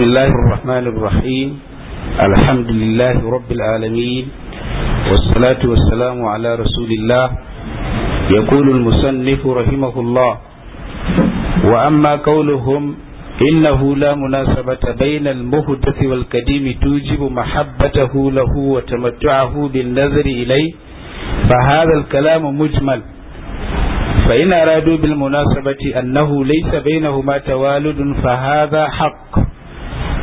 بسم الله الرحمن الرحيم الحمد لله رب العالمين والصلاة والسلام على رسول الله يقول المصنف رحمه الله وأما قولهم إنه لا مناسبة بين المهدث والقديم توجب محبته له وتمتعه بالنظر إليه فهذا الكلام مجمل فإن أرادوا بالمناسبة أنه ليس بينهما توالد فهذا حق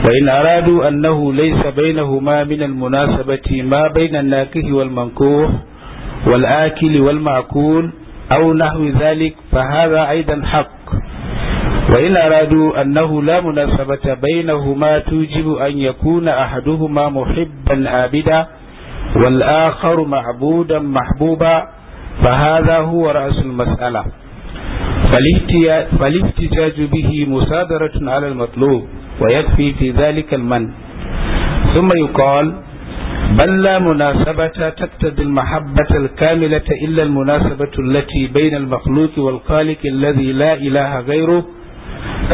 فإن أرادوا أنه ليس بينهما من المناسبة ما بين الناكه والمنكوح والآكل والمعكول أو نحو ذلك فهذا أيضا حق وإن أرادوا أنه لا مناسبة بينهما توجب أن يكون أحدهما محبا عابدا والآخر معبودا محبوبا فهذا هو رأس المسألة فالاحتجاج به مصادرة على المطلوب ويكفي في ذلك المن ثم يقال بل لا مناسبة تقتضي المحبة الكاملة إلا المناسبة التي بين المخلوق والخالق الذي لا إله غيره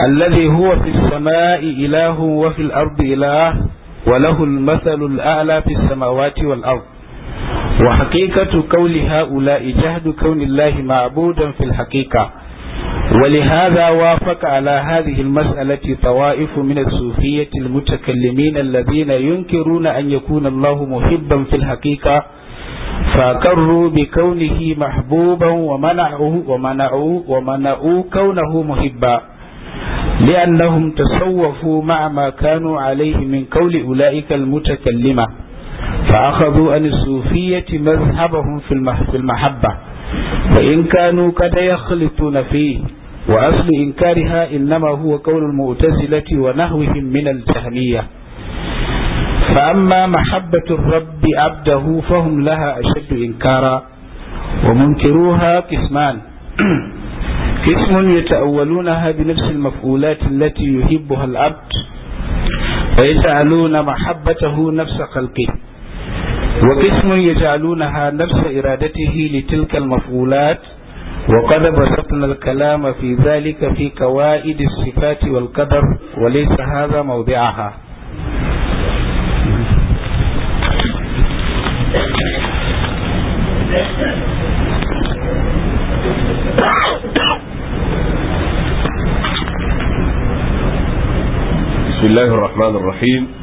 الذي هو في السماء إله وفي الأرض إله وله المثل الأعلى في السماوات والأرض وحقيقة قول هؤلاء جهد كون الله معبودا في الحقيقة ولهذا وافق على هذه المسألة طوائف من الصوفية المتكلمين الذين ينكرون أن يكون الله محبا في الحقيقة فأقروا بكونه محبوبا ومنعوه ومنعوه ومنعوا كونه محبا لأنهم تصوفوا مع ما كانوا عليه من قول أولئك المتكلمة فأخذوا عن الصوفية مذهبهم في المحبة فإن كانوا قد يخلطون فيه وأصل إنكارها إنما هو قول المعتزلة ونحوهم من الجهمية فأما محبة الرب عبده فهم لها أشد إنكارا ومنكروها قسمان قسم يتأولونها بنفس المفعولات التي يحبها العبد ويجعلون محبته نفس خلقه وقسم يجعلونها نفس إرادته لتلك المفعولات وقد بسطنا الكلام في ذلك في كوائد الصفات والقدر وليس هذا موضعها بسم الله الرحمن الرحيم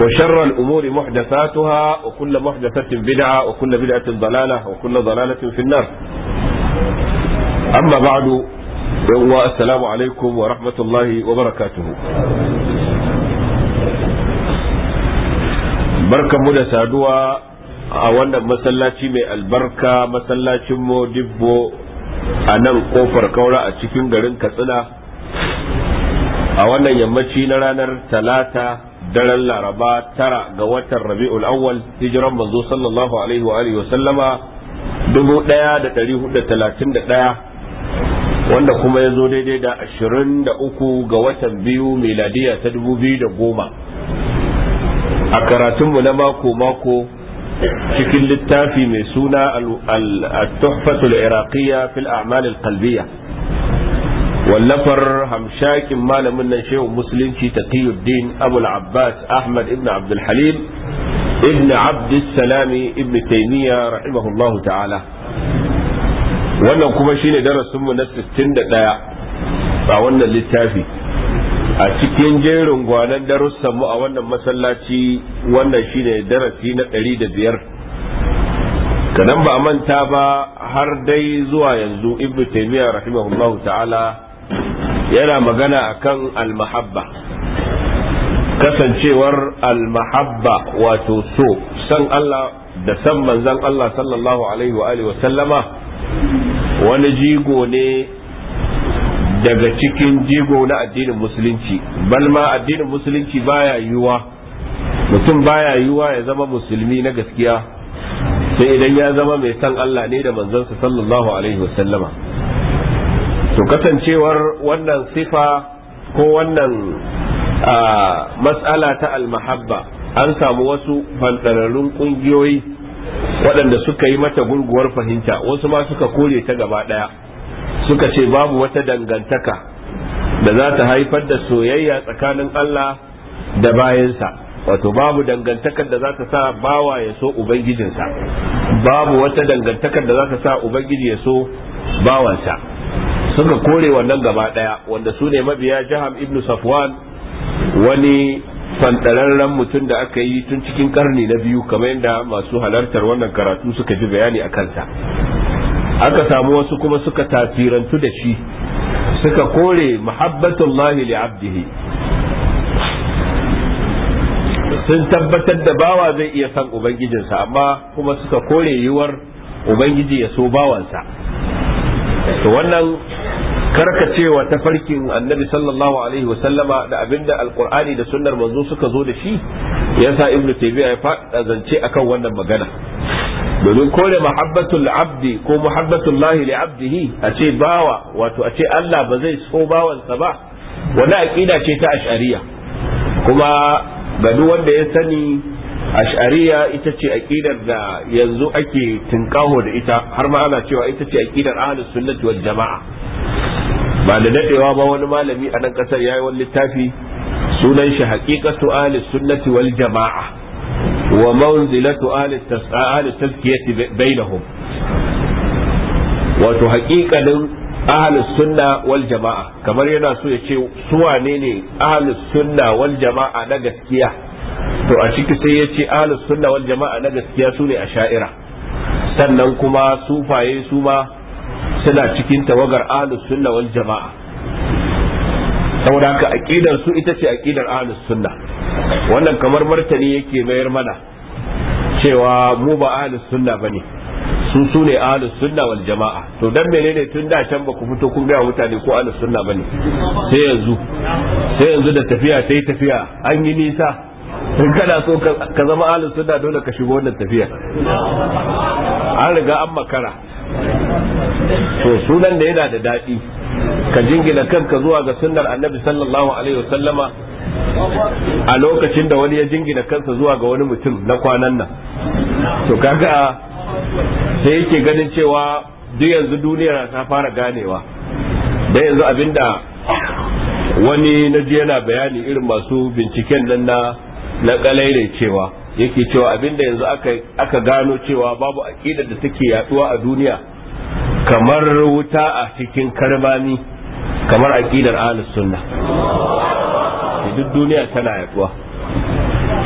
وشر الأمور محدثاتها وكل محدثة بدعة وكل بدعة ضلالة وكل ضلالة في النار أما بعد السلام عليكم ورحمة الله وبركاته بركة مدى سادوا أولا مسلاتي من البركة مسلاتي مدبو أنا القوفر كورا أتشكين غرين كتنا أولا يمشي لرانا ثلاثة daren laraba tara ga watan rabi'ul awwal hijiran manzo sallallahu alaihi wa alihi wa sallama dubu ɗaya da ɗari hudu talatin da ɗaya wanda kuma ya zo daidai da ashirin da uku ga watan biyu miladiya ta dubu biyu da goma a karatunmu na mako-mako cikin littafi mai suna al-tuhfatul iraqiyya fil amalil al-qalbiyya wallafar hamshakin malamin nan shehu musulunci taqiyuddin abul abbas ahmad ibn abdul halim ibn abd salami ibn taymiya rahimahullahu ta'ala wannan kuma shine darasin mu na 61 a wannan littafi a cikin jerin gwanan darussan mu a wannan masallaci wannan shine darasi na ɗari da biyar. kadan ba a manta ba har dai zuwa yanzu ibnu taymiya rahimahullahu ta'ala yana magana akan almahabba kasancewar almahabba wato so san Allah da san manzan Allah sallallahu alaihi wa sallama wani jigo ne daga cikin jigo na addinin musulunci balma addinin musulunci baya yiwuwa mutum baya yiwuwa ya zama musulmi na gaskiya sai idan ya zama mai san Allah ne da manzansa sallallahu alaihi wa sallama to kasancewar wannan sifa ko wannan matsala ta almahabba an samu wasu fantararrun kungiyoyi waɗanda suka yi mata gurguwar fahimta wasu ma suka kore ta gaba ɗaya suka ce babu wata dangantaka da za ta haifar da soyayya tsakanin Allah da bayansa wato babu dangantakar da za ta sa bawa ya so ubangijinsa babu wata dangantakar da za ta sa ubangiji ya so bawansa suka kore wannan gaba daya wanda su ne mabiya jaham ibn safwan wani fantararren mutum da aka yi tun cikin karni na biyu kamar yadda masu halartar wannan karatu suka ji bayani a kansa aka samu wasu kuma suka tasirantu da shi suka kore muhabbatullahi li abdihi sun tabbatar da bawa zai iya san ubangijinsa amma kuma suka kore yiwuwar ubangiji ya so bawansa to wannan karka cewa tafarkin annabi sallallahu alaihi wa sallama da abinda alqur'ani da sunnar manzo suka zo da shi yasa ibnu taymiya ya faɗa zance akan wannan magana domin kore mahabbatul abdi ko muhabbatul lahi li abdihi a ce bawa wato a ce Allah ba zai so bawansa ba wani aqida ce ta ash'ariya kuma ga wanda ya sani ash'ariya ita ce aqidar da yanzu ake tinkaho da ita har ma ana cewa ita ce aqidar ahlus sunnati wal jama'a ba da dadewa ba wani malami a nan kasar yayi wani littafi sunan shi haqiqatu ahli sunnati wal jamaa wa manzilatu ahli tasahali tazkiyati bainahum wato haqiqanin ahli sunna wal jamaa kamar yana so ya ce su wane ne ahli sunna wal jamaa na gaskiya to a ciki sai ya ce ahli sunna wal jamaa na gaskiya su ne a sha'ira sannan kuma sufaye su ma suna cikin tawagar ahlus sunna wal jama'a saboda haka aqidar su ita ce aqidar ahlus sunna wannan kamar martani yake mayar mana cewa mu ba ahlus sunna bane su su ne ahlus sunna wal jama'a to dan menene tun da can ba ku fito kun ga mutane ko ahlus sunna bane sai yanzu sai yanzu da tafiya ta yi tafiya an yi nisa in kana so ka zama ahlus sunna dole ka shigo wannan tafiya an riga an makara to sunan da yana da daɗi ka jingina kanka zuwa ga sunnar annabi sallallahu alaihi wasallama a lokacin da wani ya jingina kansa zuwa ga wani mutum na kwanan nan to kaga sai yake ganin cewa duk yanzu duniyar ta fara ganewa da yanzu abinda wani na ji yana bayani irin masu binciken nan na na kalaire cewa yake cewa abinda yanzu aka gano cewa babu aƙidar da take yaduwa a duniya kamar wuta a cikin karbami kamar aƙidar ahlus sunna duk duniya tana yaduwa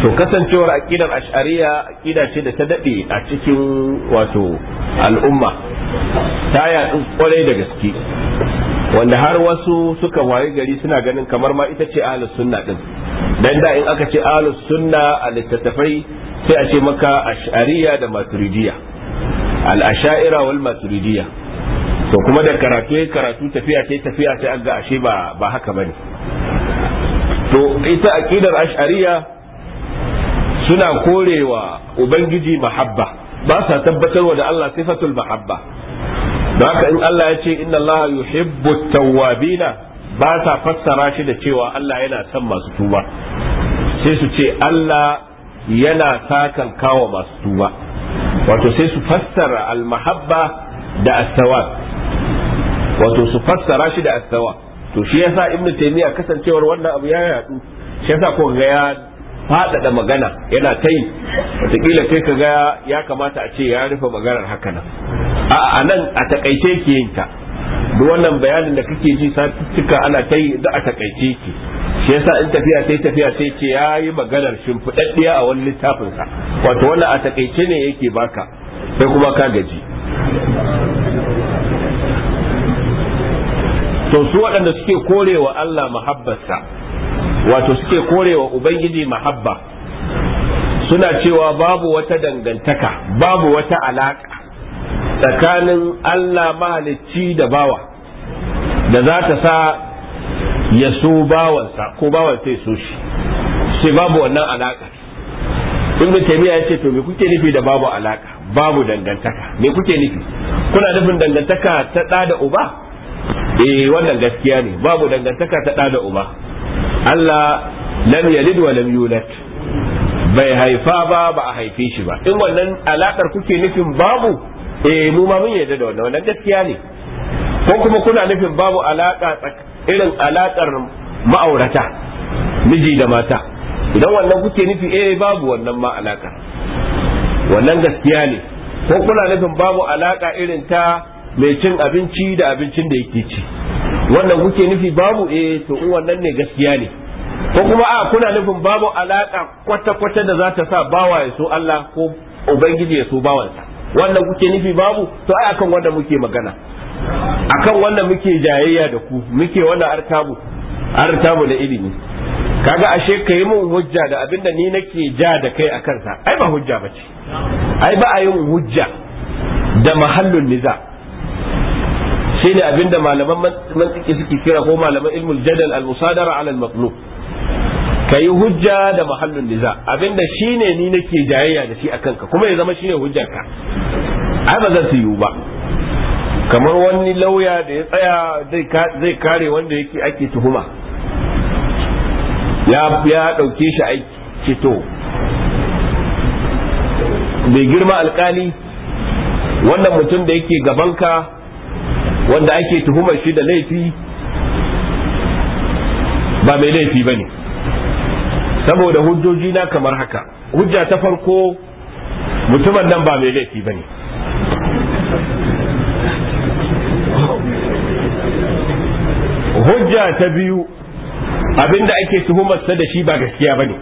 to kasancewar aƙidar ash'ariya aƙida ce da ta daɗe a cikin wato al'umma ta yaɗu kwarai da gaske wanda har wasu suka wayi gari suna ganin kamar ma ita ce ahlus sunna din dan da in aka ce ahlus sunna a littattafai sai a ce maka ash'ariya da maturidiya al-asha'ira wal maturidiya to kuma da karatu karatu tafiya sai tafiya sai ga ashe ba ba haka bane to ita aqidar ash'ariya suna korewa ubangiji mahabba ba sa tabbatarwa da Allah sifatul mahabba Da haka in Allah ya ce inna Allah yuhibbu tawwabina ba sa fassara shi da cewa Allah yana son masu tuba sai su ce Allah yana sakan kawo masu tuba wato sai su fassara almahabba da astawa wato su fassara shi da astawa to shi yasa ibnu taymiya kasancewar wannan abu ya yadu shi yasa ko ga ya faɗaɗa magana yana ta yi wataƙila kai ka ga ya kamata a ce ya rufe maganar haka nan A'a anan a takaice ki yin ta duk wannan bayanin da kake ji cika ana ta yi da a takaice ki shi yasa in tafiya sai tafiya sai ce yayi maganar shimfiɗaɗɗiya a wani littafin sa wato wannan a takaice ne yake baka sai kuma ka gaji to su waɗanda suke korewa Allah mahabbarsa wato suke korewa ubangiji mahabba suna cewa babu wata dangantaka babu wata alaka tsakanin Allah mahalicci da bawa da za ta sa ya so bawansa ko bawan sai so shi sai babu wannan alaka ibn ya ce to me kuke nufi da babu alaka babu dangantaka me kuke nufi kuna nufin dangantaka ta ɗa da uba eh wannan gaskiya ne babu dangantaka ta ɗa da uba Allah lam yalid wa lam yulad bai haifa ba ba a haife shi ba in wannan alakar kuke nufin babu eh mu ma mun yarda da wannan wannan gaskiya ne ko kuma kuna nufin babu alaka irin alakar ma'aurata miji da mata idan wannan kuke nufi eh babu wannan ma alaka wannan gaskiya ne ko kuna nufin babu alaka irin ta mai cin abinci da abincin da yake ci wannan kuke nufi babu eh to in wannan ne gaskiya ne ko kuma a kuna nufin babu alaka kwata-kwata da za ta sa bawa ya so Allah ko ubangiji ya so bawansa wannan kuke nufi babu to ai akan wanda muke magana akan wanda muke jayayya da ku muke wannan artabu artabu da ilimi kaga ashe ka yi min hujja da abinda ni nake ja da kai a kansa ai ba hujja ba ai ba a yin hujja da mahallun niza shine abinda malaman mantiki suke kira ko malaman ilmul jadal al musadara ala al maqlub ka yi hujja da muhallin niza abinda ne ni nake jayayya da shi akan ka kuma ya zama shine hujja ka ai ba zan yi ba kamar wani lauya da ya tsaya zai kare wanda yake ake tuhuma ya ya dauke shi aiki to bai girma alkali wannan mutum da yake gabanka wanda ake tuhumar shi da laifi ba mai laifi ba ne saboda hujjoji na kamar haka hujja ta farko mutumin nan ba mai laifi ba ne. hujja ta biyu abinda ake tuhumarsa da shi ba gaskiya ba ne.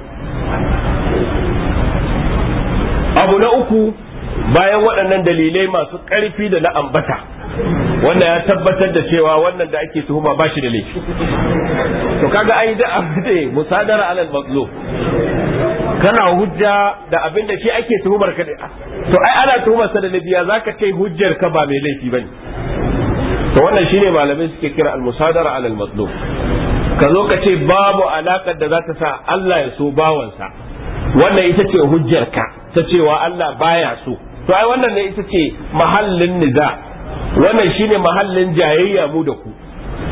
abu na uku bayan waɗannan dalilai masu ƙarfi da na ambata wanda ya tabbatar da cewa wannan da ake tuhuma ba shi da laifi to kaga ai da abin musadara alal mazlum kana hujja da abin da shi ake tuhumar ka to ai ana tuhumar sa da laifi zaka ce hujjar ka ba mai laifi bane to wannan shine malamai suke kira al musadara alal mazlum ka zo ka ce babu alakar da za ta sa Allah ya so bawansa wannan ita ce hujjar ka ta cewa Allah baya so to ai wannan ne ita ce mahallin niza wannan shine mahallin jayayya mu da ku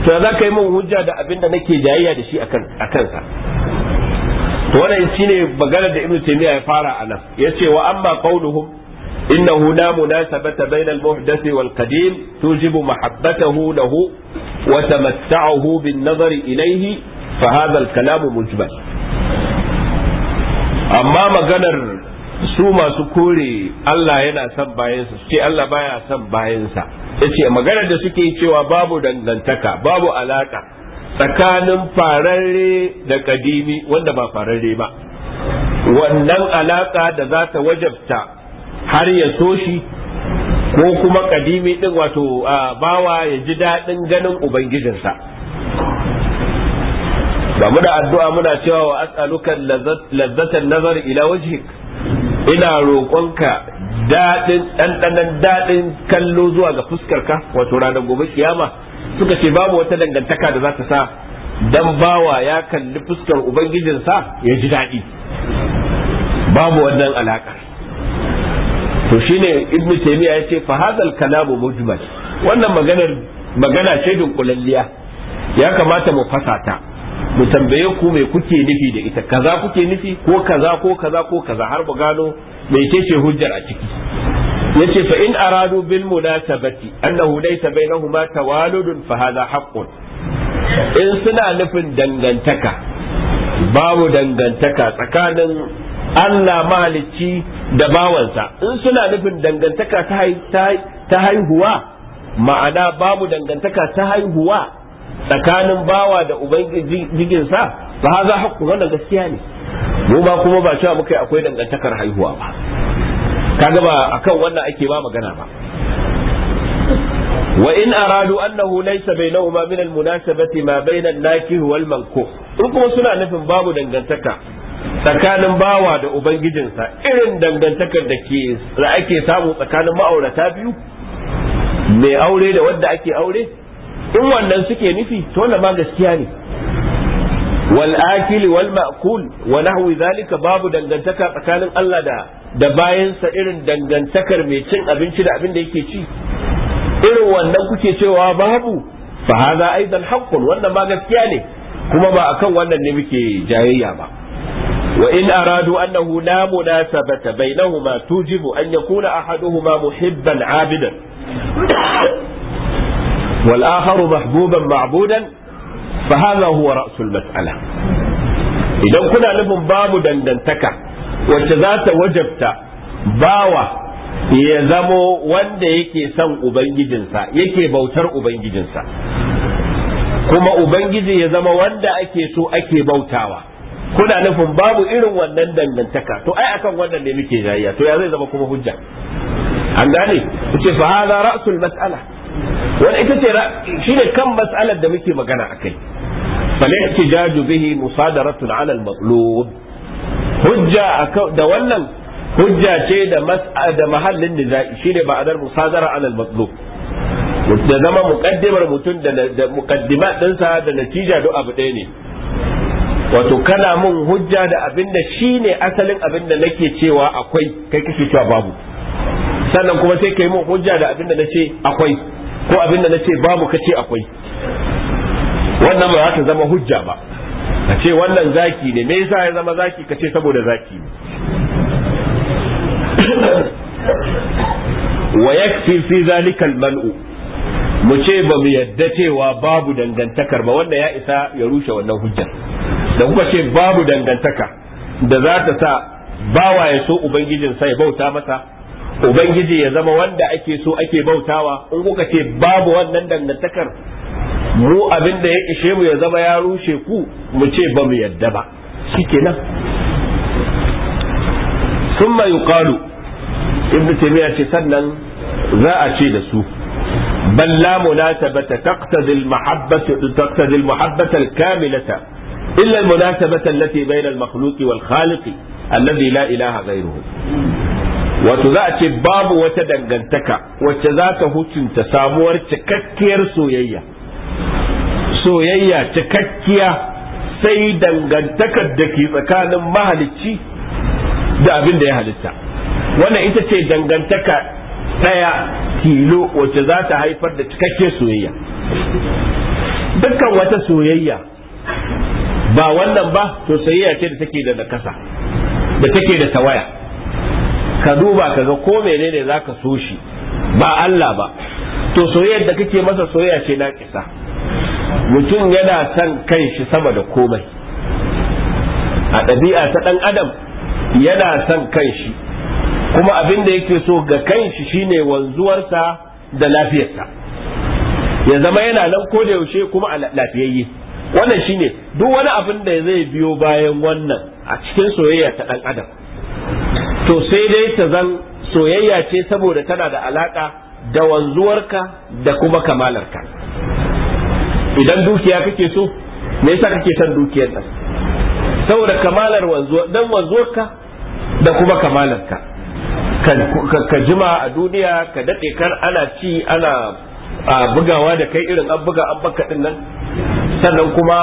to za ka yi min hujja da abin da nake jayayya da shi a kansa wannan shine maganar da ibnu taymiya ya fara a nan yace wa amma qauluhum innahu la munasabata bayna al-muhdath wal qadim tujibu mahabbatahu lahu wa tamatta'uhu bin nazari ilayhi fa hadha al-kalamu mujmal amma maganar su masu kore Allah yana son bayansa su Allah baya son bayansa yace maganar da suke cewa babu dangantaka babu alaka tsakanin fararre da kadimi wanda ba fararre ba wannan alaka da za ta wajabta har ya so shi ko kuma kadimi din wato bawa ya ji daɗin ganin ubangijinsa ba mu da addu'a muna cewa wa as'aluka lazzatan nazar ila wajhik ina roƙonka daɗin ɗanɗanan daɗin kallo zuwa ga fuskar ka wato ranar gobe kiyama suka ce babu wata dangantaka da za ta sa dan bawa ya kalli fuskar ubangijinsa ya ji daɗi babu wannan alaƙa. to shine ibnu taymiya yace fa hadal kalamu mujmal wannan maganar magana ce dunkulalliya ya kamata mu fasata mu tambaye ku me kuke nufi da ita kaza kuke nufi ko kaza ko kaza ko kaza har mu gano mai ce hujjar a ciki yace fa in aradu bil munasabati annahu laysa bainahuma tawaludun fa hadha haqqun in suna nufin dangantaka babu dangantaka tsakanin Allah mahalicci da bawansa in suna nufin dangantaka ta haihuwa ma'ana babu dangantaka ta haihuwa tsakanin bawa da ubangijinsa fa haza haqqu wannan gaskiya ne mu ba kuma ba cewa muka akwai dangantakar haihuwa ba kaga ba akan wannan ake ba magana ba wa in aradu annahu laysa bainahuma min almunasabati ma bainan nakih wal mankuh in kuma suna nufin babu dangantaka tsakanin bawa da ubangijinsa irin dangantakar da ke da ake samu tsakanin ma'aurata biyu mai aure da wanda ake aure in wannan suke nufi to ma gaskiya ne wal akili wal ma'kul wa nahwi zalika babu dangantaka tsakanin Allah da da bayansa irin dangantakar mai cin abinci da abin da yake ci irin wannan kuke cewa babu fa hadha aidan haqqun wannan ma gaskiya ne kuma ba akan wannan ne muke jayayya ba in aradu annahu la munasabata bainahuma tujibu an yakuna ahaduhuma muhibban abidan والآخر محبوبا معبودا فهذا هو Idan kuna nufin كنا نبن wacce za ta wajabta bawa ya zamo wanda yake son ubangijinsa yake bautar ubangijinsa kuma ubangiji ya zama wanda ake so ake bautawa kuna nufin babu irin wannan dangantaka to ai akan wannan ne muke jayya to ya zai zama kuma hujja an gane ce fa hadha ra'sul mas'ala wani ita ce shi ne kan mas'alar da muke magana a kai فالاحتجاج به مصادرة alal المطلوب hujja da wannan hujja ce da da mahallin nizai shine ma'anar musadara alal matlub da zama mukaddimar mutum da muqaddimat dinsa da natija duk abu ɗaya ne wato kana mun hujja da abin da shi ne asalin abin da nake cewa akwai kai kake cewa babu sannan kuma sai kai mun hujja da abin da nace akwai ko abin da na ce babu kace akwai wannan ba za ta zama hujja ba a ce wannan zaki ne me yasa ya zama zaki kace saboda zaki ne wa yakfi fi zalika al-mal'u mu ce ba mu yadda cewa babu dangantakar ba wanda ya isa ya rushe wannan hujjar da kuka ce babu dangantaka da za ta sa bawa ya so ubangijin sai bauta masa ubangiji ya zama wanda ake so ake bautawa in kuka ce babu wannan dangantakar mu abin da ya ishe mu ya zama ya rushe ku mu ce ba mu yadda ba shikenan summa yuqalu ibn taymiya ce sannan za a ce da su بل لا مناسبة تقتضي المحبة تقتضي المحبة الكاملة إلا المناسبة التي بين المخلوق والخالق الذي لا إله غيره wato za a ce babu wata dangantaka wacce za ta hukunta samuwar cikakkiyar soyayya soyayya cikakkiya sai dangantakar da ke tsakanin mahalicci da abin da ya halitta wannan ita ce dangantaka ɗaya tilo wacce za ta haifar da cikakkiyar soyayya dukkan wata soyayya ba wannan ba to soyayya ce da take da nakasa da take da tawaya ka duba ka ga ko menene za ka so shi ba Allah ba to soyayyar da kake masa soyayya ce na kisa mutum yana son kan shi sama da komai a ɗabi'a ta ɗan adam yana son kan shi kuma abin da yake so ga kan shi shine wanzuwarsa da lafiyarsa ya zama yana nan ko da yaushe kuma a lafiyayye wannan shine duk wani abin da zai biyo bayan wannan a cikin soyayya ta ɗan adam to sai dai ta zan soyayya ce saboda tana da alaka da wanzuwarka da kuma kamalarka idan dukiya kake so me yasa kake son dukiyar nan saboda kamalar wanzuwa dan wanzuwarka da kuma kamalarka ka jima a duniya ka daɗe kar ana ci ana bugawa da kai irin an buga an baka din nan sannan kuma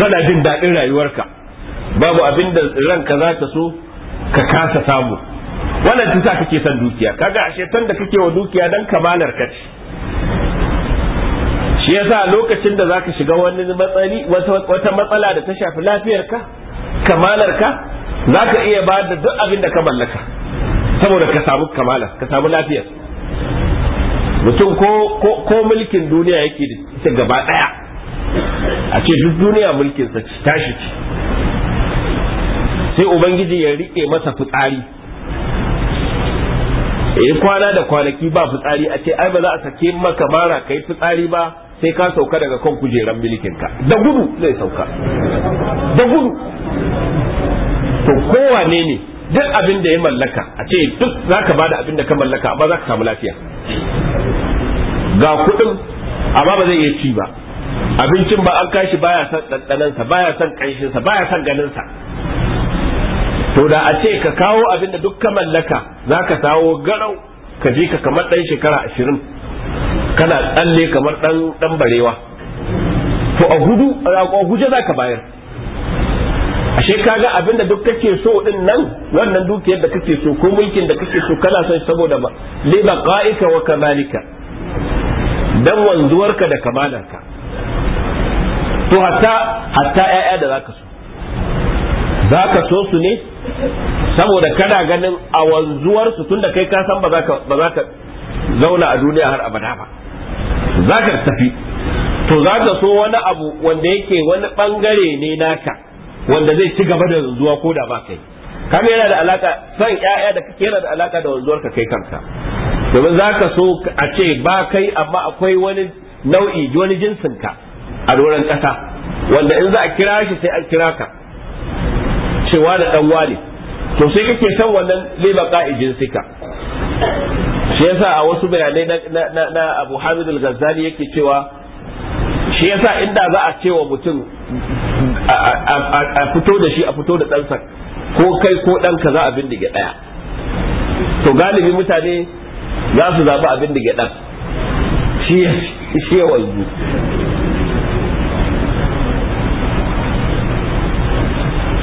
kana jin daɗin rayuwarka babu abin da ranka za ta so ka kasa samu wannan sa kake son dukiya kaga ashe tun da kake wa dukiya dan kamalar ka ce shi yasa lokacin da zaka shiga wani matsali wata matsala da ta shafi lafiyarka ka zaka iya ba da duk abin da ka mallaka saboda ka samu kamala ka samu lafiyar mutum ko ko mulkin duniya yake da gaba daya a ce duk duniya mulkin sa tashi ce sai ubangiji ya rike masa fitsari eh kwana da kwanaki ba fitsari a ce ai ba za a sake maka mara kai fitsari ba sai ka sauka daga kan kujeran milikinka da gudu zai sauka da gudu to kowane ne duk abin da ya mallaka a ce duk za ka bada abin da ka mallaka amma za ka samu lafiya ga kuɗin amma ba zai iya ci ba abincin ba an kashi baya son ɗanɗanansa baya son ƙanshinsa baya son ganinsa to da a ce ka kawo abin da duk mallaka za ka sawo garau ka ji ka kamar ɗan shekara ashirin kana tsalle kamar ɗan ɗan barewa to a gudu a guje za ka bayar a kaga abin da duk kake so din nan wannan dukiyar da kake so ko mulkin da kake so kana son saboda ba liba ka'ika wa kamalika dan wanzuwarka da kamalarka to hatta hatta ƴaƴa da zaka so zaka so su ne saboda kana ganin a wanzuwarsu tunda kai ka san ba za ka zauna a duniya har abada ba za ka tafi to za ka so wani abu wanda yake wani bangare ne naka wanda zai ci gaba da zuwa ko da ba kai kamar yana da alaka san yaya da kake yana da alaka da wanzuwarka kai kanka domin za ka so a ce ba kai amma akwai wani nau'i wani jinsinka a doron ƙasa wanda in za a kira shi sai an kira ka cewa da dan wane to sai kake san wannan liba ka'ijin sika shi yasa a wasu bayanai na na Abu Hamid al-Ghazali yake cewa shi yasa inda za a cewa mutum a fito da shi a fito da ɗansa ko kai ko ɗanka za a bindige daya to galibi mutane za su zaɓi abin da dan shi ya wanzu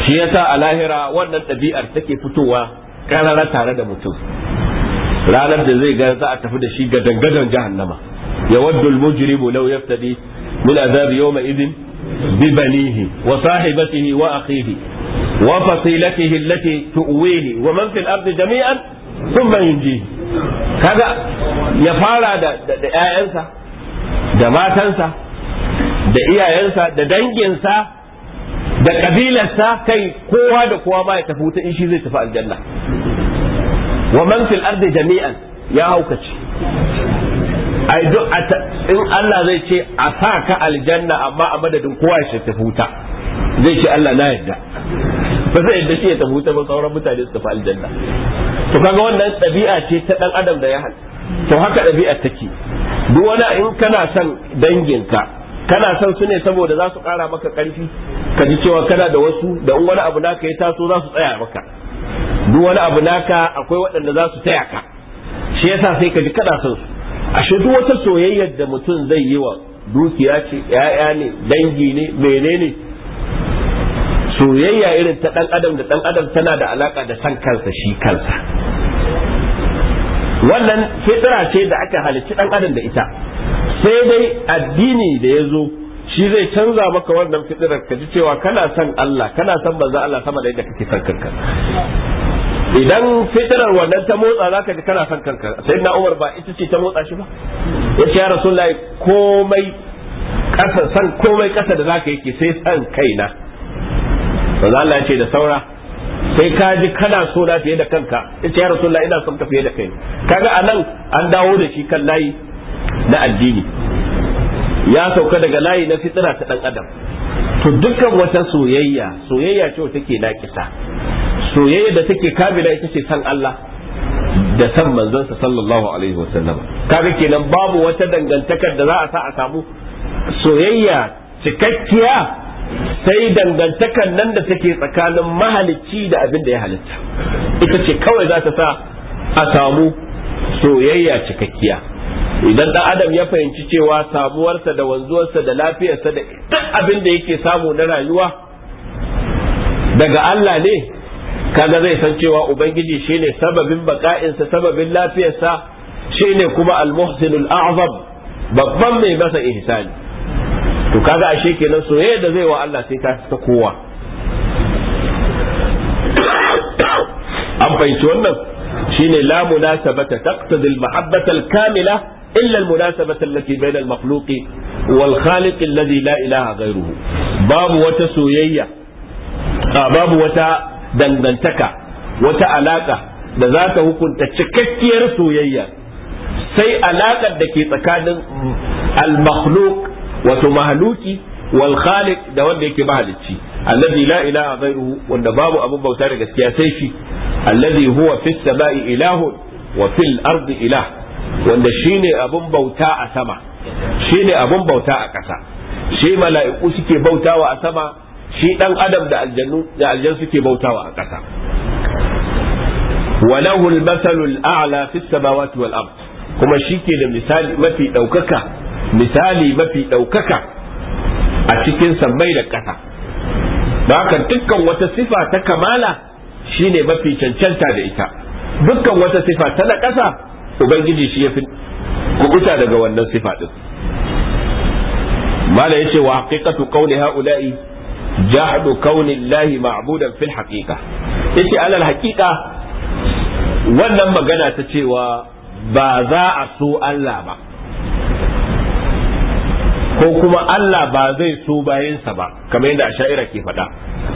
shi yasa a lahira wannan ɗabi'ar take fitowa ƙarara tare da mutum ranar da zai ga za a tafi da shi gadan dangadan jahannama ya waddu al-mujrimu law yaftadi min azab yawma idhin bi banihi wa sahibatihi wa akhihi wa fasilatihi allati tu'wihi wa man fil ardi jami'an thumma yunjihi kaga ya fara da da ƴaƴansa da matansa da iyayensa da danginsa da kabilarsa kai kowa da kowa ba ya tafi wuta in shi zai tafi aljanna wa man fil ardi jami'an ya haukace ai duk in Allah zai ce a sa ka aljanna amma a madadin kowa ya tafi wuta zai ce Allah na yarda ba zai yarda shi ya tafi wuta ba sauran mutane su tafi aljanna to kaga wannan ɗabi'a ce ta dan adam da ya hal to haka ɗabi'a take duk wani in kana son danginka kana son su ne saboda za su ƙara maka karfi ka ji cewa kana da wasu da in wani abu naka ya taso za su tsaya maka duk wani abu naka akwai waɗanda za su taya ka shi yasa sai ka ji kana son su ashe duk wata soyayyar da mutum zai yi wa dukiya ce ya'ya ne dangi ne menene soyayya irin ta dan adam da dan adam tana da alaka da san kansa shi kansa wannan fitira ce da aka halicci dan adam da ita sai dai addini da ya zo shi zai canza maka wannan fitirar ka ji cewa kana son Allah kana son manzo Allah sama da yadda kake son kanka idan fitirar wannan ta motsa za ka ji kana son kanka sai na umar ba ita ce ta motsa shi ba ya ce ya rasulullahi komai kasa san komai kasa da zaka yake sai san kaina manzo Allah ya ce da saura sai ka ji kana so na fiye da kanka yace ya rasulullah ina son ka fiye da kai kaga anan an dawo da shi kan layi na addini ya sauka daga layi na fitira ta dan adam to dukkan wata soyayya soyayya ce wata take naƙisa soyayya da take kabila ita ce san Allah da san manzonsa sallallahu alaihi wasallam kaga kenan babu wata dangantakar da za a sa a samu soyayya cikakkiya sai dangantakan nan da take tsakanin mahalicci da abin da ya halitta ita ce kawai za ta sa a samu soyayya cikakkiya idan dan adam ya fahimci cewa samuwarsa da wanzuwarsa da lafiyarsa da duk abin da yake samu na rayuwa daga Allah ne kaga zai san cewa ubangiji shine sababin baka'insa sababin lafiyarsa shine kuma al-muhsinul a'zam babban mai masa ihsani to kaga ashe kenan soyayya da zai wa Allah sai ta ta kowa an fahimci wannan shine la munasabata taqtadi al-mahabbata al-kamila illa al-munasabata allati bayna al-makhluqi wal khaliq alladhi la ilaha ghayruhu babu wata soyayya babu wata dangantaka wata alaka da za ta hukunta cikakkiyar soyayya sai alaƙar da ke tsakanin al-makhluq wato mahaluki wal khaliq da wanda yake mahalicci Alladhi la ilaha ghairuhu wanda babu abun bauta da gaskiya sai shi Alladhi huwa fis sama'i ilahun wa fil ardi ilah wanda shine abun bauta a sama shine abun bauta a ƙasa shi mala'iku suke bautawa a sama shi dan adam da aljannu da aljan suke bautawa a ƙasa وله المثل الأعلى في السماوات والأرض kuma shi ke da misali mafi ɗaukaka misali mafi ɗaukaka a cikin sammai da ƙasa haka dukkan wata sifa ta kamala shine mafi cancanta da ita dukkan wata sifa ta na ƙasa ubangiji shi ya fi daga wannan sifa ɗin mala yace wa haqiqatu qawli haula'i jahdu kauni llahi ma'budan fil haqiqa yace alal haqiqa wannan magana ta cewa ba za a so Allah ba ko kuma Allah ba zai so bayansa ba kamar yadda shaira ke faɗa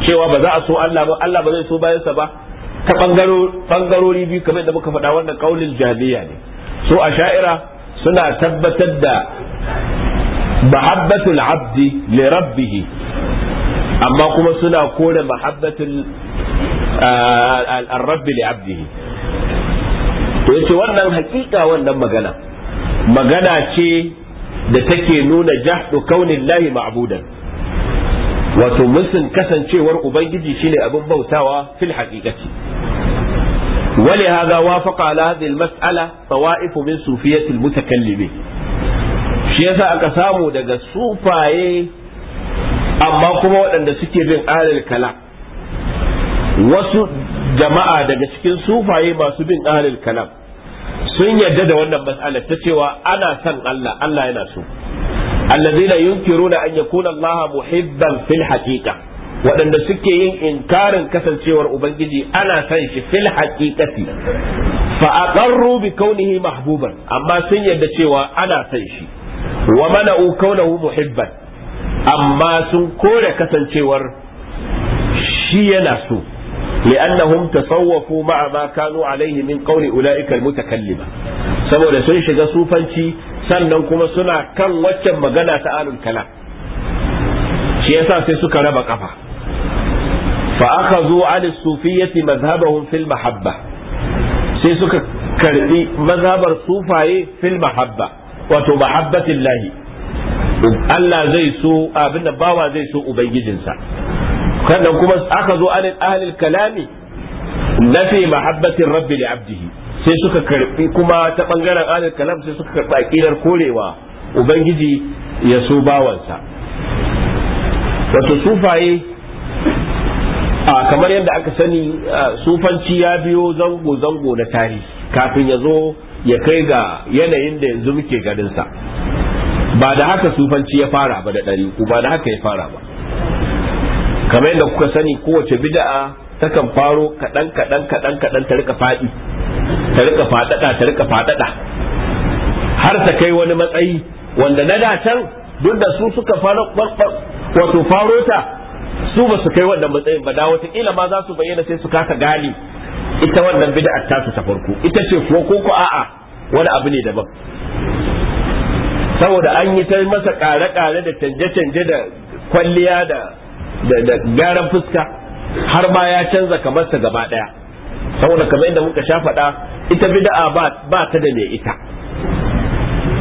cewa ba za a so Allah ba Allah ba zai so bayansa ba ta bangarori biyu kamar yadda muka faɗa wannan ƙaunin jahiliya ne so asha'ira suna tabbatar da mahabbatul abdi li rabbih amma kuma suna kore mahabbatul al-rabbi li abdihi to yace wannan hakika wannan magana magana ce da take nuna jahdu kaunin lahi ma'budan wato musun kasancewar ubangiji shine abin bautawa fil haqiqati ولهذا وافق على هذه المسألة طوائف من صوفية المتكلمين shi yasa aka samu daga sufaye amma kuma waɗanda suke bin alal kala wasu jama'a daga cikin sufaye masu bin alal kalam sun yarda da wannan mas'alar ta cewa ana san Allah Allah yana so allazina yunkiruna an yakuna Allah muhibban fil haqiqa waɗanda suke yin inkarin kasancewar ubangiji ana son shi fil haqiqati fa aqarru bi kaunihi mahbuban amma sun yarda cewa ana san shi wa mana'u kaunahu muhibban amma sun kore kasancewar shi yana so li'annahum tasawwafu ma'a ma kanu alaihi min qawli ulaika almutakallima saboda sun shiga sufanci sannan kuma suna kan waccan magana ta alul kalam shi yasa sai suka raba ƙafa. fa zo an sufiyyati madhhabahum fil mahabba sai suka karɓi mazhabar sufaye fil mahabba wato mahabbatillahi Allah zai abin da bawa zai so ubangijinsa sannan kuma aka zo anin ahlil kalami nafi mahabbatin rabbi li abdihi sai suka karbi kuma ta bangaren ahlil kalam sai suka karbi aqidar korewa ubangiji ya so bawansa wato sufaye a kamar yadda aka sani sufanci ya biyo zango zango na tarihi kafin ya zo ya kai ga yanayin da yanzu muke garinsa. ba da haka sufanci ya fara ba da ɗari ba da haka ya fara ba kamar yadda kuka sani kowace bid'a takan faro kaɗan kaɗan kaɗan kaɗan ta rika faɗi ta rika faɗaɗa ta rika faɗaɗa har ta kai wani matsayi wanda na da can duk da su suka faro wato faro ta su ba su kai wannan matsayin ba da ila ma za su bayyana sai su kasa gane ita wannan bid'a ta su ta farko ita ce ko ko ko a'a wani abu ne daban saboda an yi ta masa kare-kare da canje-canje da kwalliya da da gyaran fuska har ba ya canza kamar ta gaba daya saboda kamar inda muka sha faɗa ita bid'a ba ta da mai ita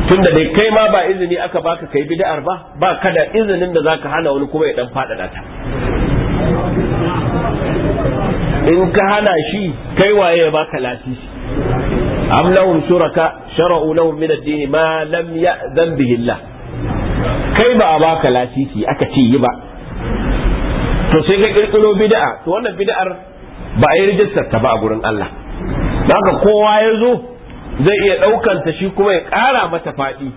tunda dai kai ma ba izini aka baka kai bid'ar ba ba ka da izinin da zaka hana wani kuma ya dan faɗaɗa ta in ka hana shi kai waye ya baka lasisi am lahum shuraka shara'u lahum min ad-din ma lam ya'zan bihi Allah kai ba a baka lasisi aka ce yi ba to sai ka kirkiro bid'a to wannan bid'ar ba a yi rijistar ta ba a gurin Allah haka kowa ya zo zai iya ɗaukan ta shi kuma ya ƙara mata faɗi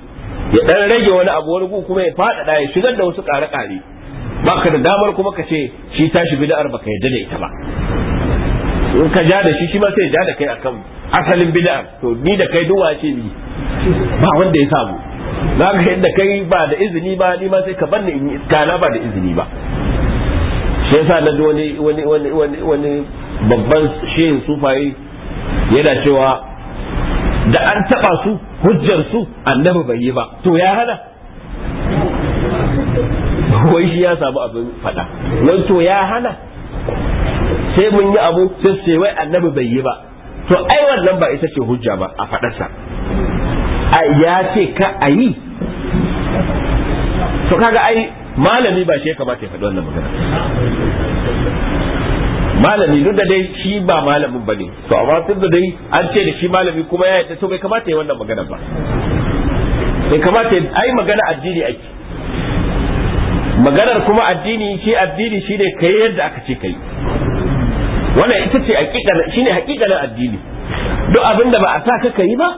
ya ɗan rage wani abu wani gu kuma ya faɗaɗa ya shigar da wasu ƙare-ƙare ba ka da damar kuma ka ce shi tashi bid'ar ba ka yarda da ita ba in ka ja da shi shi ma sai ja da kai akan asalin bid'ar to ni da kai duwa ce ni ba wanda ya samu za ka yadda kai ba da izini ba ni ma sai ka banni in na ba da izini ba sai yasa na ji wani wani wani wani wani babban shehin sufayi yana cewa da an taba su hujjar su annabi bai yi ba to ya hana wai shi ya samu abin fada wai to ya hana sai mun yi abu sai sai wai annabi bai yi ba to ai wannan ba ita ce hujja ba a fadarsa ya ce ka a yi to kaga ai malami ba shi ya kamata ya faɗi wannan magana malami duk da dai shi ba malamin ba ne to amma duk da dai an ce da shi malami kuma ya yadda to bai kamata ya wannan magana ba bai kamata yi magana addini ake maganar kuma addini shi addini shi ne kai yadda aka ce kai wannan ita ce shi ne hakikanin addini duk abin da ba a sa ka yi ba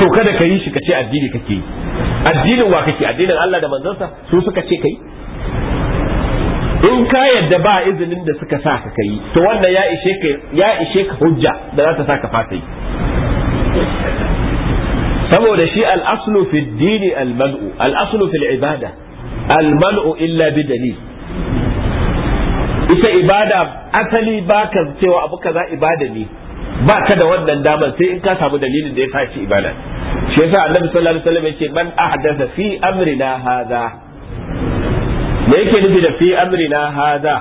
to kada ka yi shi ka ce addini kake yi addinin wa kake addinin Allah da manzansa su suka ce kai in ka yadda ba izinin da suka sa ka kai to wannan ya ishe ka ya ishe ka hujja da za ta sa ka fata. yi saboda shi al-aslu fi al-mal'u al-aslu fi al-ibada al-mal'u illa bi dalil ita ibada asali ba ka cewa abu kaza ibada ne ba ka da wannan damar sai in ka samu dalilin da ya sa shi ibada shi yasa annabi sallallahu alaihi wasallam yake man ahdatha fi amrina hadha me yake nufi da fi amrina hadha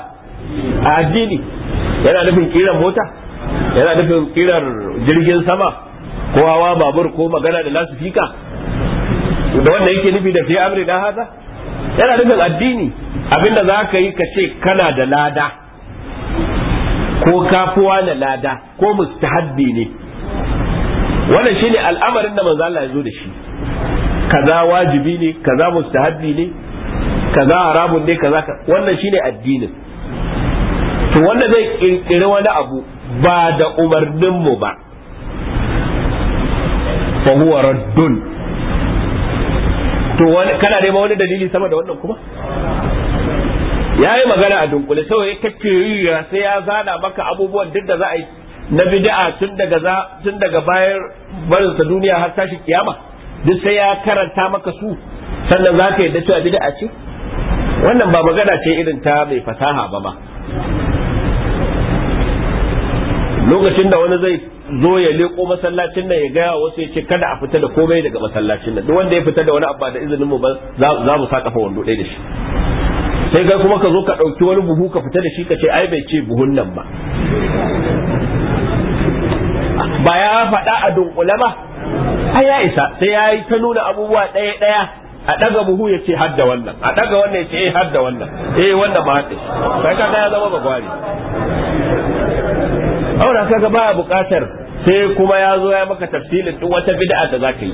addini yana nufin kiran mota yana nufin kiran jirgin sama ko hawa babur ko magana da lasifika da wanda yake nufi da fi amrina hadha yana nufin addini abinda za ka yi ka ce kana da lada ko kafuwa na lada ko mustahabbi ne wannan shine al'amarin da manzo Allah ya zo da shi kaza wajibi ne kaza mustahabbi ne kaza haramun ne kaza wannan shine addinin to wanda zai kirkiri wani abu ba da umarnin mu ba fa huwa raddun to kana neman wani dalili sama da wannan kuma ya yi magana a dunkule saboda ya kakkiriya sai ya zana maka abubuwan duk da za a yi na bid'a tun daga za tun daga bayar barin sa duniya har tashi kiyama duk sai ya karanta maka su sannan za ka yadda cewa bid'a ce wannan ba magana ce irin ta mai fasaha ba ma lokacin da wani zai zo ya leko masallacin nan ya gaya wasu ya ce kada a fita da komai daga masallacin nan duk wanda ya fita da wani abba da izinin mu ba za mu saka fa wando ɗaya da shi sai kai kuma ka zo ka ɗauki wani buhu ka fita da shi ka ce ai bai ce buhun nan ba ba ya faɗa a dunkule ba ai ya isa sai ya yi ta nuna abubuwa ɗaya ɗaya a ɗaga buhu ya ce hadda wannan a ɗaga wannan ya ce eh hadda wannan eh wannan ba hadda kai ka ya zama bagwari aura kaga baya buƙatar sai kuma ya zo ya maka tafsilin duk wata bid'a da za ka yi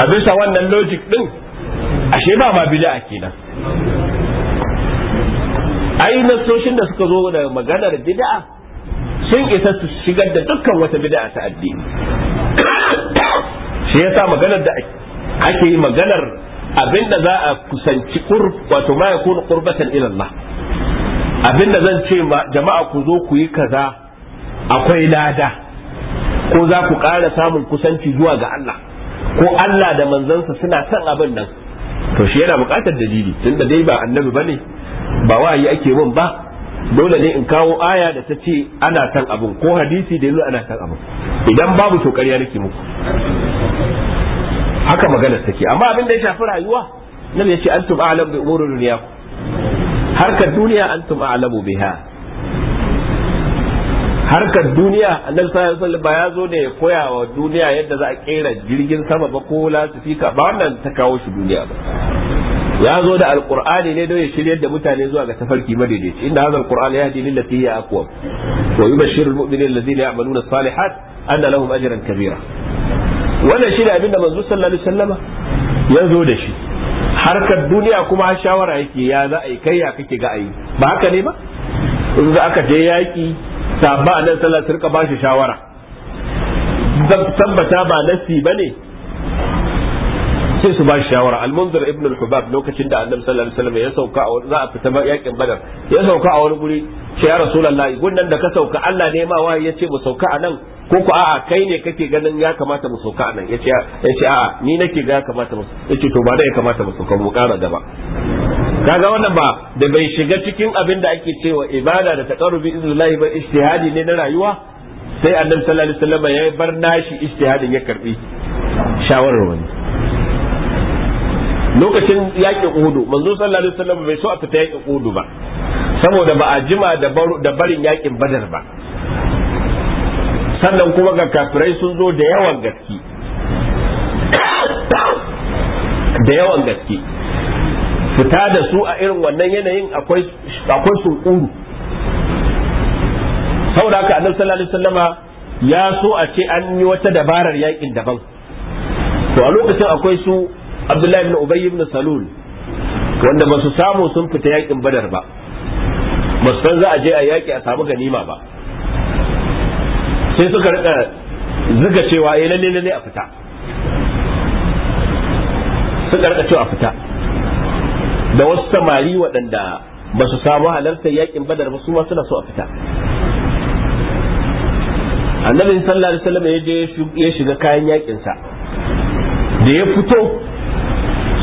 a bisa wannan logic din ashe ba ma bid'a kenan ai nasoshin da suka zo da maganar bid'a sun isa su shigar da dukkan wata bid'a ta addini shi yasa maganar da ake yi maganar abinda za a kusanci wato ma yakunu qurbatan ila Allah abinda zan ce ma jama'a ku zo ku yi kaza akwai lada ko za ku ƙara samun kusanci zuwa ga Allah ko Allah da manzansa suna son abin nan to shi yana buƙatar dalili tunda dai ba annabi bane ba wahayi ake bin ba dole ne in kawo aya da ta ce ana san abin ko hadisi da yanzu ana san abin idan babu to ƙarya nake muku haka maganar take amma abin da ya shafi rayuwa nan ya ce antum a'lam bi umuri duniya harkar duniya antum a'lamu biha harkar duniya annabi sallallahu alaihi wasallam ba ya zo ne ya koya wa duniya yadda za a kera jirgin sama ba ko lasifika ba wannan ta kawo shi duniya ba ya zo da alqur'ani ne don ya shiryar da mutane zuwa ga tafarki madaidaici inda hadha alqur'ani yahdi lil lati hiya aqwam wa yubashshiru almu'minina alladhina ya'maluna as-salihat anna lahum ajran kabira wannan shi da abinda manzo sallallahu alaihi wasallama ya zo da shi harkar duniya kuma har shawara yake ya za a yi kai ya kake ga ayi ba haka ne ba in za aka je yaki sabba annabi sallallahu alaihi wasallam ba shi shawara tabbata ba nasi bane sai su ba shi shawara al-munzir ibn al-hubab lokacin da annabi sallallahu alaihi wasallam ya sauka a za a fita yakin badar ya sauka a wani guri sai ya rasulullahi gunnan da ka sauka Allah ne ma wahayi yace mu sauka a nan ko ku a'a kai ne kake ganin ya kamata mu sauka a nan yace yace a'a ni nake ga ya kamata mu yace to ba da ya kamata mu sauka mu kara gaba kaga wannan ba da bai shiga cikin abin da ake cewa ibada da taqarrubi iznillahi ba ijtihadi ne na rayuwa sai annabi sallallahu alaihi wasallam ya bar nashi ijtihadin ya karbi shawarar wani lokacin yakin uhudu manzo sallallahu alaihi wasallam bai so a fita yakin uhudu ba saboda ba a jima da barin yakin badar ba sannan kuma ga kafirai sun zo da yawan gaske da yawan gaske fita da su a irin wannan yanayin akwai sunkuru saboda haka annabi sallallahu alaihi wasallama ya so a ce an yi wata dabarar yakin daban to a lokacin akwai su abdullahi ibn Ubayy ibn salul wanda ba su samu sun fita yakin badar ba ba su san za a je a yaki a samu ganima ba sai suka rika zuga cewa eh lalle lalle a fita suka rika cewa a fita da wasu samari waɗanda ba su samu halartar yakin badar ba su ma suna so a fita annabi sallallahu alaihi wasallam ya je ya shiga kayan yakin sa da ya fito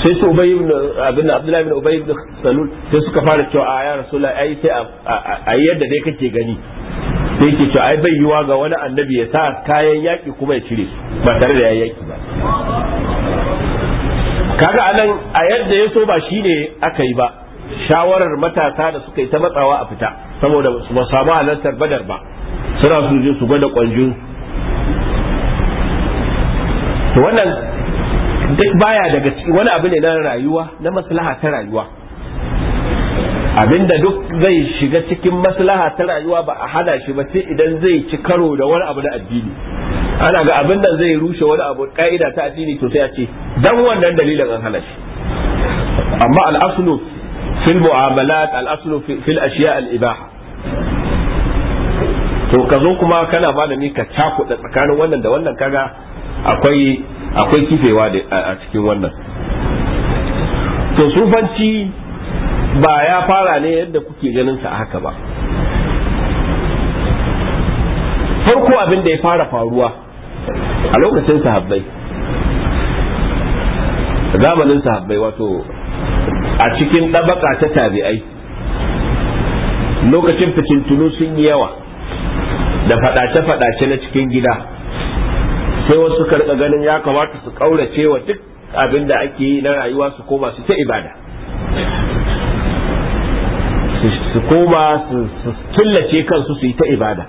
sai su ubay ibn abin abdullahi ibn ubay ibn salul sai suka fara cewa a ya rasulullah ai sai a yadda dai kake gani sai ke cewa ai bai yiwa ga wani annabi ya sa kayan yaki kuma ya cire ba tare da ya yaki ba kaga anan a yadda ya so ba shine aka yi ba shawarar matasa da suka yi ta matsawa a fita saboda ba samu halartar badar ba suna su je su gwada kwanjin wannan duk baya daga ciki wani abu ne na rayuwa na maslaha ta rayuwa abinda duk zai shiga cikin maslaha ta rayuwa ba a hana shi ba sai idan zai ci karo da wani abu na addini ana ga abin da zai rushe wani abu ka'ida ta addini to sai a ce dan wannan dalilin an hana shi amma al-aslu fil mu'amalat al-aslu fil ashiya al-ibaha to ka zo kuma kana ni ka cakuɗa tsakanin wannan da wannan kaga akwai akwai kifewa a cikin wannan to sufanci ba ya fara ne yadda kuke ganin sa haka ba farko abin da ya fara faruwa a lokacin sahabbai zamanin sahabbai wato a cikin ɗabaka ta tabi'ai lokacin fitintunu sun yi yawa da faɗace-faɗace na cikin gida sai wasu karka ganin ya kamata su ƙaurace wa duk abin da ake yi na rayuwa su koma su ta ibada su koma su killace kansu su yi ta ibada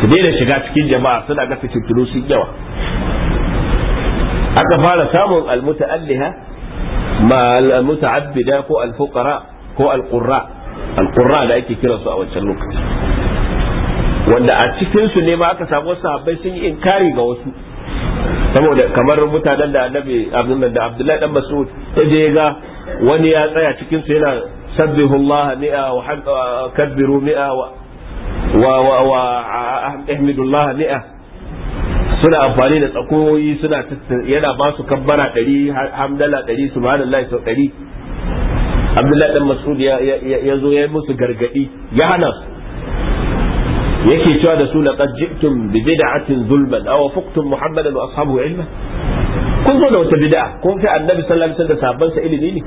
su daina shiga cikin jama'a suna ga fitintunu su yawa aka fara samun almuta'alliha ma almuta'abbida ko alfuqara ko alqurra alqurra da ake kiransu a wancan lokaci wanda a cikin su ne ma aka samu wasu sahabbai sun yi inkari ga wasu saboda kamar mutanen da annabi abdullahi da abdullahi dan mas'ud ya je ga wani ya tsaya cikin su yana sabbihu allah mi'a wa kabbiru mi'a wa wa wa ahmidullah mi'a suna amfani da tsakoyi suna yana ba su kabbara 100 hamdala 100 subhanallahi sau 100 abdullahi dan mas'ud ya zo ya musu gargadi ya hana su yake cewa da su laqad ji'tum bi bid'atin zulman aw fuqtum muhammadan wa ashabu ilma kun zo da wata bid'a kun fi annabi sallallahu alaihi wasallam da sabban ilimi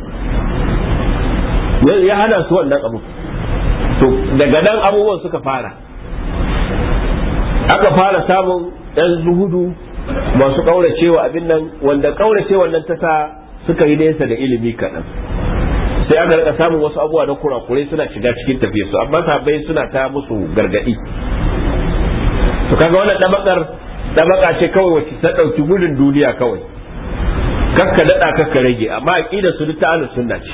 ne ya hana su wannan abu to daga nan abubuwan suka fara aka fara samun ɗan zuhudu masu ƙauracewa abin nan wanda ƙaurace wannan ta sa suka yi nesa da ilimi kaɗan sai aka rika samun wasu abubuwa na kurakurai suna shiga cikin tafiyar su amma sabai suna ta musu gargadi to kaga wannan dabakar dabaka ce kawai wacce ta dauki gudun duniya kawai kakka dada kakka rage amma aqida su ta ahlus sunna ce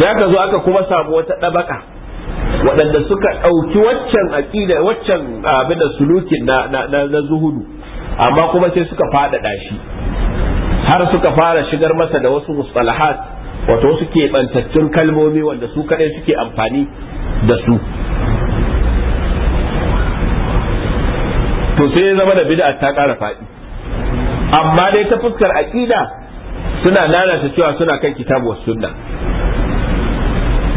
sai aka zo aka kuma samu wata dabaka waɗanda suka ɗauki waccan aƙida waccan abin da sulukin na na na zuhudu amma kuma sai suka faɗaɗa shi har suka fara shigar masa da wasu musalahat wato wasu keɓantattun kalmomi wanda su kaɗai suke amfani da su to sai ya zama da bid'a ta ƙara faɗi amma dai ta fuskar aƙida suna lalata cewa suna kan kitabu was sunna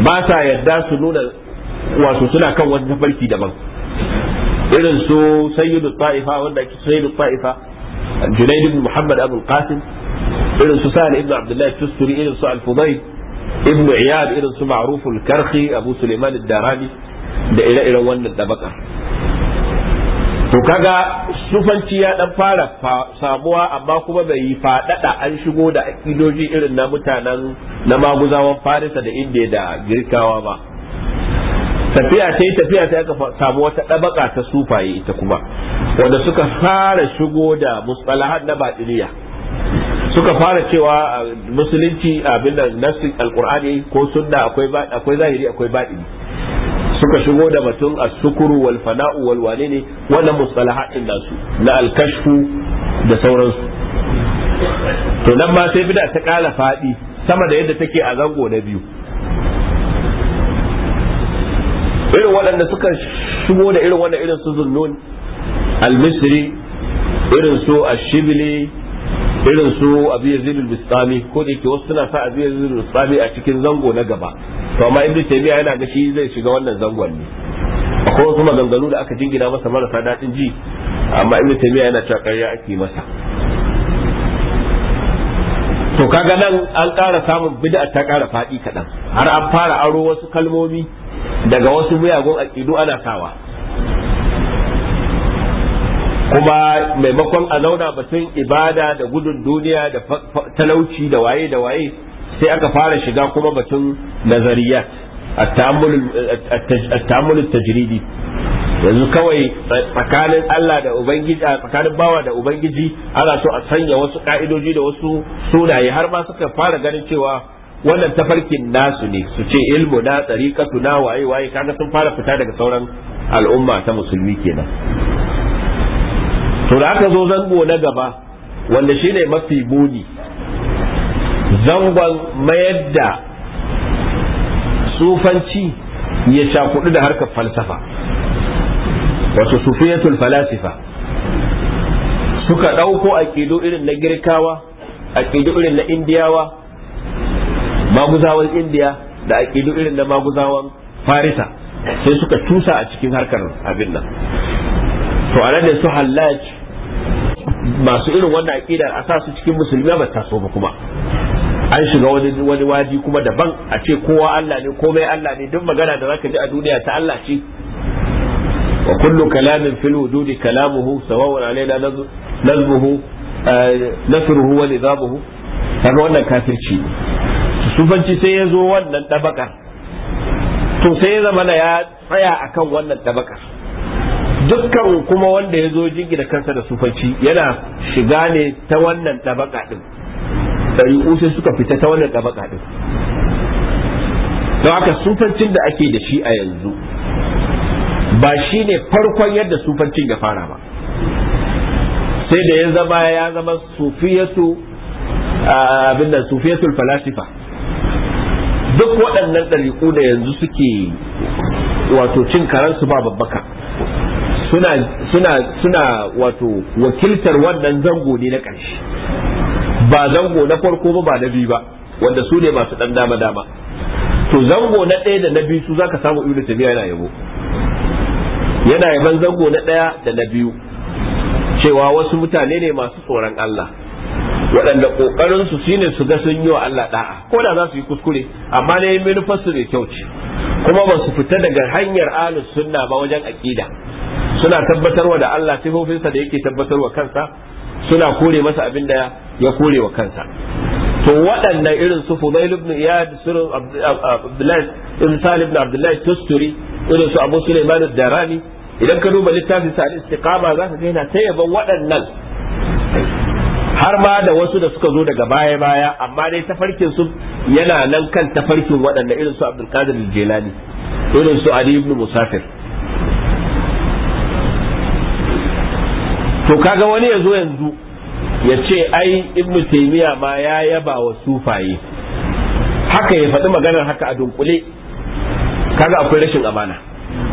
ba sa yadda su nuna wato suna kan wani tafarki daban irin su sayyidu ta'ifa wanda sayyidu ta'ifa junaid بن muhammad abul القاسم irin su ابن ibn abdullah tusturi irin su al ابن عياد iyad irin su ma'ruf سليمان الداراني abu suleiman da ire wannan dabaka to kaga sufanci ya dan fara samuwa amma kuma bai yi fadada an shigo da akidoji irin na mutanen na maguzawan farisa da indiya da girkawa ba tafiya ta yi tafiya ta aka samu wata ɗabaƙa ta sufaye ita kuma wanda suka fara shigo da mustalahat na batiniya suka fara cewa musulunci abin da nasu alkur'ani ko sunna akwai zahiri akwai batini suka shigo da batun a sukuru wal fana'u wal wane ne wannan mustalahat ɗin nasu na alkashku da sauransu to nan ma sai bid'a ta kala faɗi sama da yadda take a zango na biyu irin waɗanda suka shigo da irin wannan irin su zunnun al-misri irin su ashibli irin su abu yazid al-bistami ko da yake wasu suna sa abu yazid al-bistami a cikin zango na gaba to amma ibnu taymiya yana ga shi zai shiga wannan zangon ne akwai wasu maganganu da aka jingina masa marasa daɗin ji amma ibnu taymiya yana cewa ƙarya ake masa to kaga nan an ƙara samun bid'a ta ƙara faɗi kaɗan har an fara aro wasu kalmomi daga wasu miyagun aƙidu ana sawa kuma maimakon a zauna batun ibada da gudun duniya da talauci da waye da waye sai aka fara shiga kuma batun nazariyat at-ta'ammul tajridi yanzu kawai tsakanin Allah da Ubangiji tsakanin bawa da Ubangiji ana so a sanya wasu ka'idoji da wasu sunaye har ma suka fara ganin cewa wannan tafarkin nasu ne su ce ilmu na tsarikatu na waye waye kaga sun fara fita daga sauran al'umma ta musulmi kenan to da aka zo zango na gaba wanda shine mafi muni zangon mayar da sufanci ya sha cakudu da harkar falsafa wasu sufiyatul falasifa suka ɗauko aƙidu irin na girkawa aƙidu irin na indiyawa maguzawan indiya da aƙidu irin na maguzawan farisa sai suka tusa a cikin harkar abin nan to a nan su hallaj masu irin wannan aƙidar a sa su cikin musulmi ba so ba kuma an shiga wani waji kuma daban a ce kowa Allah ne komai Allah ne duk magana da zaka ji a duniya ta Allah ce wa kullu kalamin fil wujudi kalamuhu sawawun alaina nazbuhu eh, nasruhu wa nizabuhu kaga wannan kafirci sufanci sai ya zo wannan tabakar to sai ya zama na ya tsaya akan wannan tabakar dukkan kuma wanda ya zo jingina kansa da sufanci yana shiga ne ta wannan tabaka din Ɗari sai suka fita ta wannan tabaka din don haka sufancin da ake da shi a yanzu ba shi ne farkon yadda sufancin ya fara ba sai da ya zama ya zama sufiyatu abin da sufiyatul falasifa duk waɗannan ɗariƙu da yanzu suke wato cin karansu ba babbaka suna wato wakiltar wannan zango ne na ƙarshe ba zango na farko ba ba na biyu ba wanda su ne masu ɗan dama dama to zango na ɗaya da na biyu su zaka samu ibnu tabiya yana yabo yana yaban zango na ɗaya da na biyu cewa wasu mutane ne masu tsoron Allah waɗanda ƙoƙarinsu ne su ga sun yi wa Allah da'a ko da za su yi kuskure amma ne manufarsu ne kyau ce kuma ba su fita daga hanyar alus sunna ba wajen aƙida suna tabbatarwa da Allah sifofinsa da yake tabbatarwa kansa suna kore masa abin da ya kore wa kansa to waɗannan irin su Fudail ibn Iyad surun Abdullahi ibn Salim ibn Abdullahi Tusturi irin su Abu Sulaiman Darani idan ka duba littafin sa al-Istiqama za ka ga yana tayyaban waɗannan har ma da wasu da suka zo daga baya baya amma dai tafarkin su yana nan kan tafarkin waɗanda irin su Abdul Qadir Jilani irin su Ali ibn Musafir to kaga wani ya zo yanzu ya ce ai ibn taymiya ma ya yaba wa sufaye haka ya faɗi maganar haka a dunkule kaga akwai rashin amana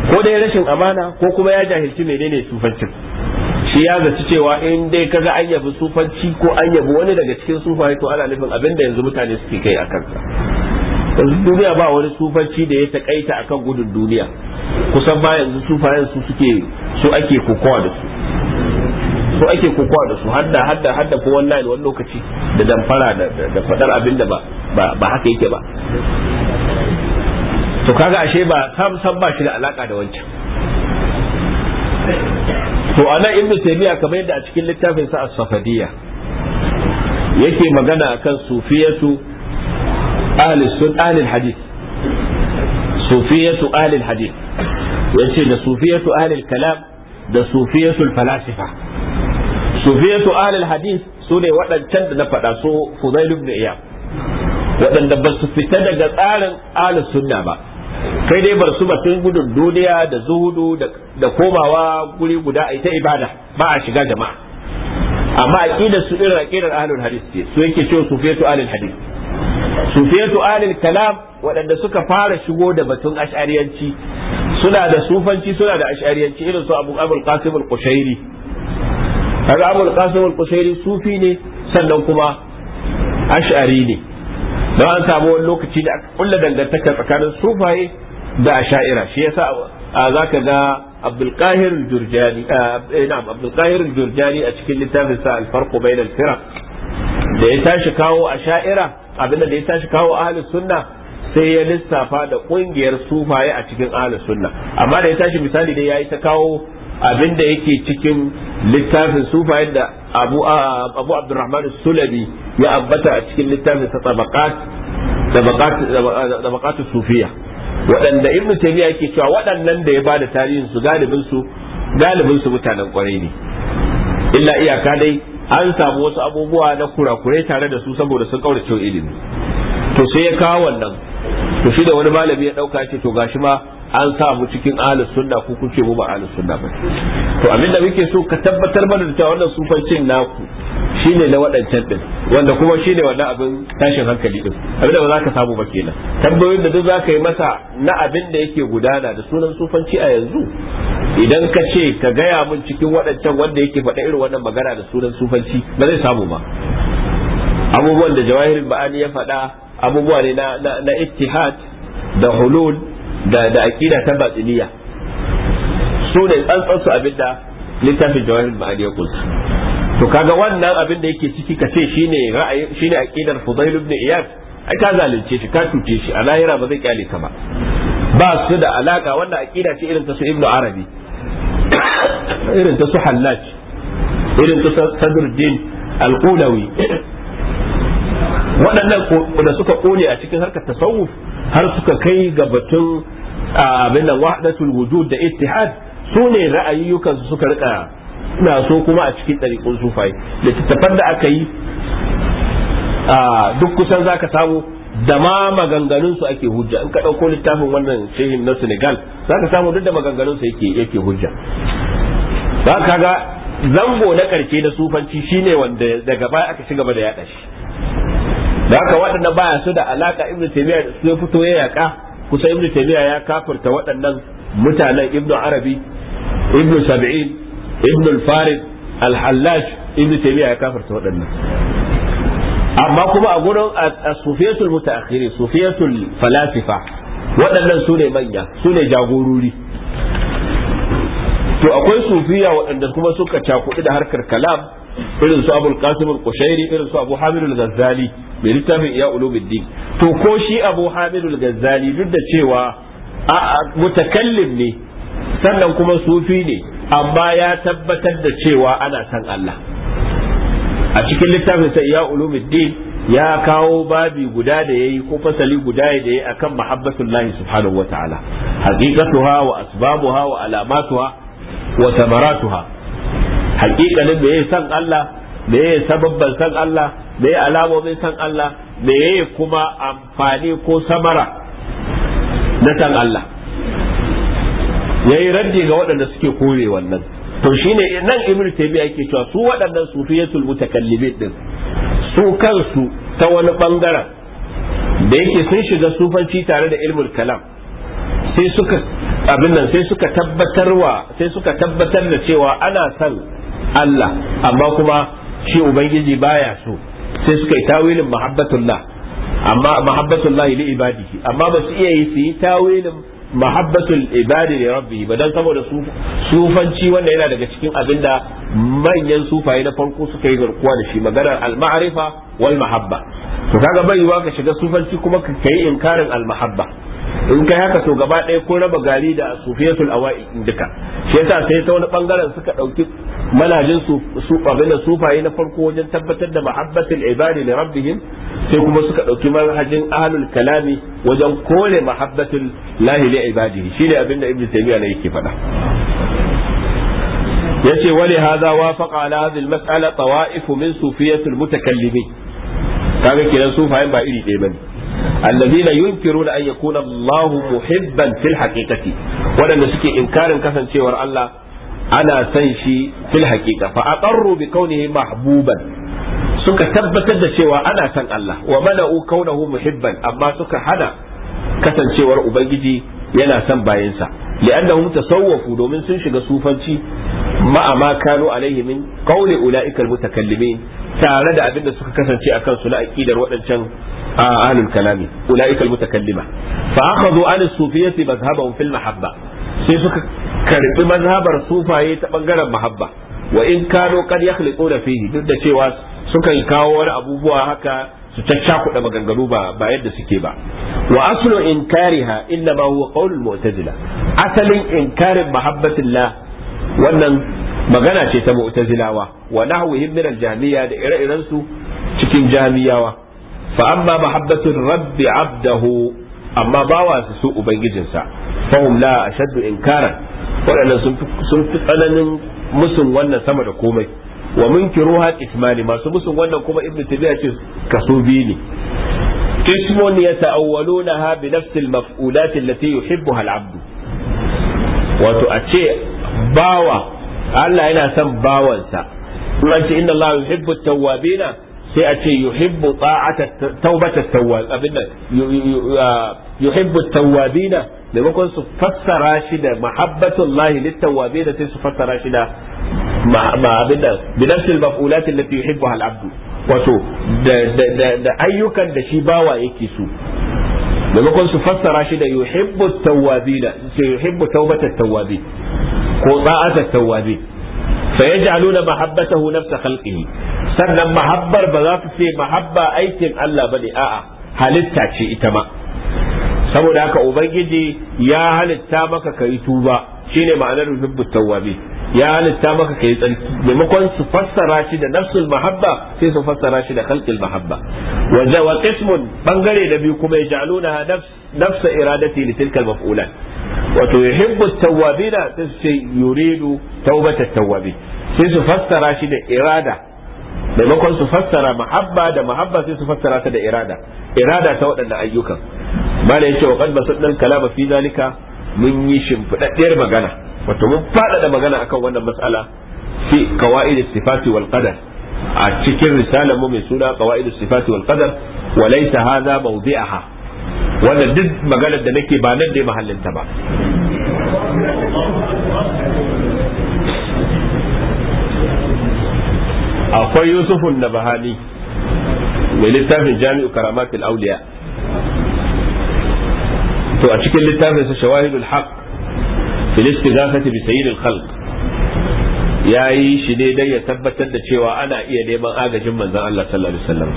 ko dai rashin amana ko kuma ya jahilci menene sufancin shi ya zaci cewa in dai ka ga anyafi sufanci ko an wani daga cikin sufaye to ana nufin abin da yanzu mutane suke kai a kansa duniya ba wani sufanci da ya takaita akan gudun duniya kusan ba yanzu sufayen su suke su ake kokowa da su su ake kokowa da su hadda hadda hadda ko wallahi wani lokaci da damfara da fadar abin da ba ba haka yake ba to kaga ashe ba sam sam ba shi da alaka da wancan to anan ibnu taymiya kamar yadda a cikin littafin sa as-safadiyya yake magana akan sufiyatu ahli sun ahli hadith sufiyatu ahli hadith yace da sufiyatu ahli kalam da sufiyatu falasifa sufiyatu ahli hadith sune waɗancan da na faɗa su fudail ibn iyab waɗanda ba su fita daga tsarin ahli sunna ba kai dai bar su batun gudun duniya da zuhudu da komawa guri guda a ita ibada ba a shiga jama'a amma a da su irin aqidar ahlul hadis ce su yake cewa sufiyatu hadis su sufiyatu ahlul kalam waɗanda suka fara shigo da batun ash'ariyanci suna da sufanci suna da ash'ariyanci irin su abu abul qasim al-qushairi kaga abul qasim al-qushairi sufi ne sannan kuma ash'ari ne don an samu wani lokaci da aka kulla dangantaka tsakanin sufaye da sha'ira shi yasa a za ka ga abdulkahir jurjani eh, jurjani a cikin littafin sa alfarko bai da da ya tashi kawo a sha'ira abinda da ya tashi kawo ahlus sunna sai ya lissafa da kungiyar sufaye a cikin ahlus sunna amma da ya tashi misali da yi ta kawo abinda yake cikin littafin sufaye da abu ah, abu abdurrahman sulabi ya ambata a cikin littafin sa tabaqat tabaqat tabaqat sufiya waɗanda ibnu taymiya yake cewa waɗannan da ya bada tarihin su galibin su galibin su mutanen kwarai ne illa iyaka dai an samu wasu abubuwa na kurakurai tare da su saboda sun kaurace ilimi to sai ya kawo wannan to shi da wani malami ya dauka ce to gashi ma an sa mu cikin ahlus sunna ko kuke mu ba ahlus sunna ba to abinda muke so ka tabbatar mana da wannan sufancin naku shine na waɗancan din wanda kuma shine wannan abin tashin hankali din abinda ba za ka samu ba kenan Tabbayin da duk za ka yi masa na abin da yake gudana da sunan sufanci a yanzu idan ka ce ka gaya mun cikin waɗancan wanda yake faɗa irin wannan magana da sunan sufanci ba zai samu ba abubuwan da jawahir ba'ani ya faɗa abubuwa ne na ittihad da hulul da da ta batiniya su ne tsantsan su abinda littafin jawahir ma'ani ya to kaga wannan abin da yake ciki ka ce shine ra'ayi shine akidar Fudail ibn Iyad ai ka zalunce shi ka tuce shi a lahira ba zai kyale ka ba ba su da alaka wannan akida ce irin ta su Ibnu Arabi irin ta su Hallaj irin ta Sadruddin Al-Qulawi waɗannan da suka kone a cikin harkar tasawuf har suka kai ga batun abin da wahdatul wujud da ittihad su ne su suka rika na so kuma a cikin ɗariƙun sufai littattafan da aka yi duk kusan zaka samu da ma maganganun su ake hujja in ka ɗauko littafin wannan shehin na Senegal zaka samu duk da maganganun su yake yake hujja ba kaga zango na karshe da sufanci shine wanda daga baya aka ci gaba da yada shi da haka waɗannan baya su da alaka ibnu taymiya su fito ya yaka kusa ibnu taymiya ya kafirta waɗannan mutanen ibnu arabi ibnu sab'in ibnu al-farid al-hallaj ibnu taymiya ya kafirta waɗannan amma kuma a gurin as-sufiyatul mutaakhirin sufiyatul falasifa waɗannan su ne manya su ne jagorori to akwai sufiya waɗanda kuma suka cakudi da harkar kalam irin su abul qasim al-qushairi irin su abu hamid al-ghazali mai littafin iya ulumuddin to ko shi abu hamid al-ghazali duk da cewa mutakallim ne sannan kuma sufi ne amma ya tabbatar da cewa ana san Allah a cikin littafin sa ya ulumuddin ya kawo babi guda da yayi ko fasali guda da yayi akan mahabbatullahi subhanahu wataala haqiqatuha wa asbabuha wa alamatuha wa thamaratuha hakikalin me yayi san Allah me yayi sababban san Allah me yayi alamomin san Allah me kuma amfani ko samara na san Allah yayi raddi ga waɗanda suke kore wannan to shine nan ibn Taymiyyah yake cewa su waɗannan sufiyatul mutakallimin din su kansu ta wani bangaren da yake sun shiga sufanci tare da ilmul kalam sai suka abin nan sai suka tabbatarwa sai suka tabbatar da cewa ana san Allah amma kuma shi ubangiji baya so sai suka yi tawilin mahabbatullah amma mahabbatullah li ibadihi amma ba su iya yi su yi tawilin mahabbatul ibadi li rabbihi ba dan saboda sufanci wanda yana daga cikin abin da manyan sufaye na farko suka yi garkuwa da shi maganar al-ma'rifa wal mahabba to kaga bai yiwa ka shiga sufanci kuma ka yi inkarin al-mahabba in kai haka so gaba ɗaya ko raba gari da sufiyatul awa'i duka shi yasa sai ta wani bangaren suka ɗauki manajin su su abinda sufaye na farko wajen tabbatar da mahabbatul ibadi li rabbihim sai kuma suka ɗauki manhajin ahlul kalami wajen kore mahabbatul lahi li ibadihi shine abinda ibnu taymiya ne yake faɗa yace wali hadha wafaqa ala hadhihi al-mas'ala tawa'if min sufiyatul mutakallimin kaga kiran sufayen ba iri ɗaya bane na yunkiro an yakuna Allahu muhibban fil haqiqati Waɗanda suke inkarin kasancewar Allah ana san shi fil haqiqa fa aqarru bi kaunihi mahbuban suka tabbatar da cewa ana son Allah wa mala'u kaunahu muhibban amma suka hana kasancewar ubangiji yana son bayansa li'annahum tasawwafu domin sun shiga sufanci ma'a ma kanu alaihi min qawli ula'ikal mutakallimin tare da abin da suka kasance a kansu na aqidar waɗancan ahlul kalami ulaika almutakallima fa zo an as-sufiyyati mazhabahum fil mahabba sai suka karbi mazhabar sufaye ta bangaren mahabba wa in kano qad yakhliquna fihi duk da cewa sukan kawo wani abubuwa haka su caccakuɗa maganganu ba ba yadda suke ba wa aslu inkariha inna ma huwa qawlul mu'tazila asalin inkarin mahabbatillah wannan magana ce ta mu'tazilawa wa nahwihim min al-jahmiyya da ire-iren su cikin jahmiyawa fa amma mahabbatur rabbi abdahu amma bawa su su ubangijinsa fa hum la ashaddu inkaran waɗannan sun sun fi tsananin musun wannan sama da komai wa munkiruha ismani masu musun wannan kuma ibnu tabi'a ce kaso biyu ne قسم يتأولونها بنفس المفعولات التي يحبها العبد wato a ce bawa Allah yana son bawansa kuma ce inna Allah yuhibbu tawwabina sai a ce yuhibbu ta'ata tawbata tawwab abin nan uh, yuhibbu tawwabina maimakon su fassara shi da mahabbatullahi littawwabina sai su fassara shi da ma abin nan bi nafsil maf'ulat allati yuhibbuha al-abdu wato da ayyukan da shi bawa yake so maimakon su fassara shi da yuhibbu tawwabina sai yuhibbu tawbata tawwabin ko tsa'atar tawwabi fa yaj'aluna mahabbatahu nafsa khalqihi sannan mahabbar ba za ta ce mahabba aikin Allah bane a'a halitta ce ita ma saboda haka ubangiji ya halitta maka kai tuba shine ma'anar hubbu tawwabi ya halitta maka kai tsarki maimakon su fassara shi da nafsul mahabba sai su fassara shi da khalqil mahabba wa wa qismun bangare da biyu kuma ya ja'aluna nafs nafsa iradati li tilkal maf'ulan wato yuhibbu tawwabina sai su ce yuridu tawbata tawabi sai su fassara shi da irada maimakon su fassara mahabba da mahabba sai su fassara ta da irada irada ta waɗannan ayyukan bala yace wa qad ɗan kalama fi zalika mun yi shimfiɗaɗɗiyar magana wato mun faɗaɗa magana akan wannan mas'ala fi qawaid istifati wal qadar a cikin risalar mu mai suna qawaid sifati wal qadar walaysa hadha mawdi'aha wannan duk maganar da nake ba nan ne mahallinta ba akwai yusufun na bahani mai littafin jami'u karamatul auliya to a cikin littafin sa shawahidul haq filistigafati bi sayyidil khalq Yayi shi ne dai ya tabbatar da cewa ana iya neman agajin manzon Allah sallallahu alaihi wasallam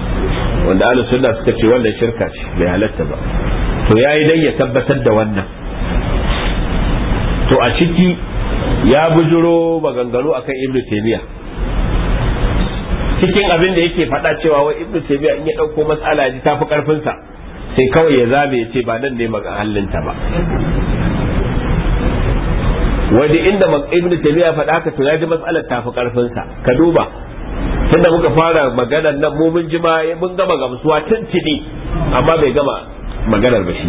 wanda ahlus sunna suka ce wannan shirka ce bai halatta ba to yayi dai ya tabbatar da wannan to a ciki ya bujuro maganganu akan ibnu taymiya cikin abin da yake faɗa cewa wai ibnu taymiya in ya ɗauko mas'ala ji tafi karfin sa sai kawai ya zabe ya ce ba nan ne maga hallinta ba Wani inda Ibn taymiya faɗa ka to ya ji matsalar tafi karfin sa ka duba tunda muka fara maganar nan mu mun jima mun gama gamsuwa tuntuni amma bai gama maganar ba shi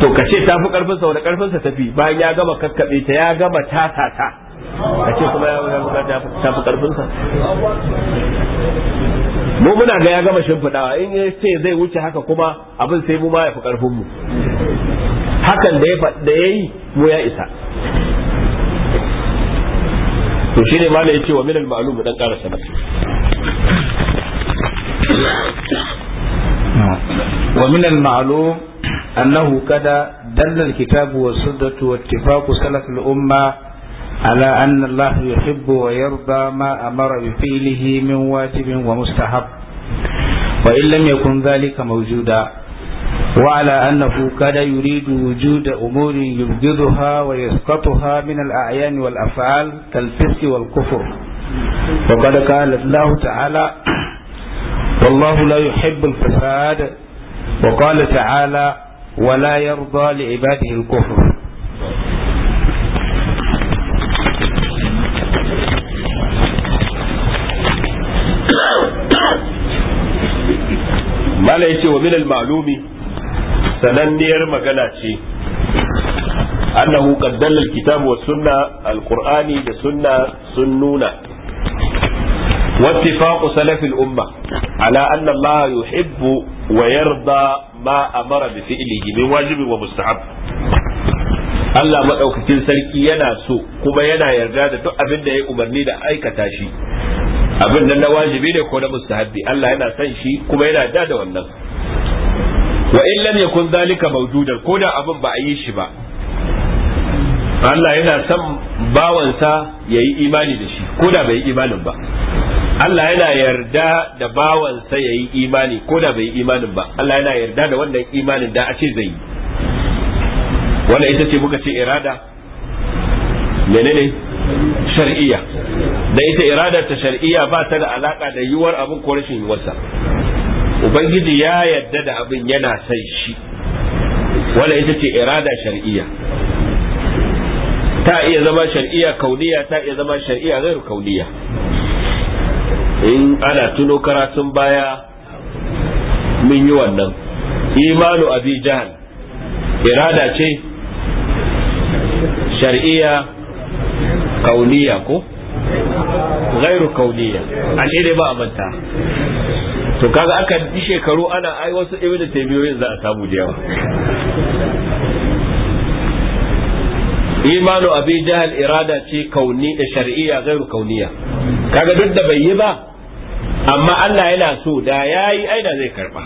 to ka ce tafi karfin sa wani karfin sa tafi bayan ya gama kakkabe ta ya gama tasa ta ka ce kuma ya gama tafi karfin sa mu muna ga ya gama shimfiɗawa. in ya ce zai wuce haka kuma abin sai mu ma ya fi karfin mu hakan da ya yi mu ya isa to shine ma da yace wa min al-ma'lum dan karasa masa ومن المعلوم أنه قد دل الكتاب والسنة واتفاق سلف الأمة على أن الله يحب ويرضى ما أمر بفعله من واجب ومستحب وإن لم يكن ذلك موجودا وعلى أنه كان يريد وجود أمور يبغضها ويسقطها من الأعيان والأفعال كالفسق والكفر وقد قال الله تعالى والله لا يحب الفساد وقال تعالى ولا يرضى لعباده الكفر ما لا ومن المعلوم sananniyar magana ce annahu qad dalla al-kitab sunna al-qur'ani da sunna sun nuna واتفاق سلف الأمة على أن الله يحب ويرضى ما أمر بفعله من واجب ومستحب Allah maɗaukakin sarki yana so kuma yana yarda da duk abin da ya umarni da aikata shi abin nan na wajibi ne ko na mustahabbi Allah yana son shi kuma yana da da wannan wa in lam yakun zalika mawjudan ko da abin ba a yi shi ba Allah yana son bawansa ya yi imani da shi ko da bai yi imanin ba Allah yana yarda da bawansa ya yi imani ko da bai yi imanin ba Allah yana yarda da wannan imanin da a ce zai yi wannan ita ce muka ce irada menene shar'iyya da ita irada ta shar'iyya ba ta da alaka da yiwuwar abin ko rashin yiwuwarsa ubangiji ya yadda da abin yana sai shi wanda ita ce irada shar'iyya ta iya zama shar'iyya kauniya ta iya zama shar'iyya gairu kauniya in ana tuno karatun baya mun yi wannan imanu abi jahal irada ce shar'iyya kauniya ko gairu kauniya ashe ne ba a manta to kaga aka bi shekaru ana ai wasu ibnu taymiyoyin za a samu da yawa imanu abi jahl irada ce kauni da shar'iyya gairu kauniya kaga duk da bai yi ba amma Allah yana so da yayi ai da zai karba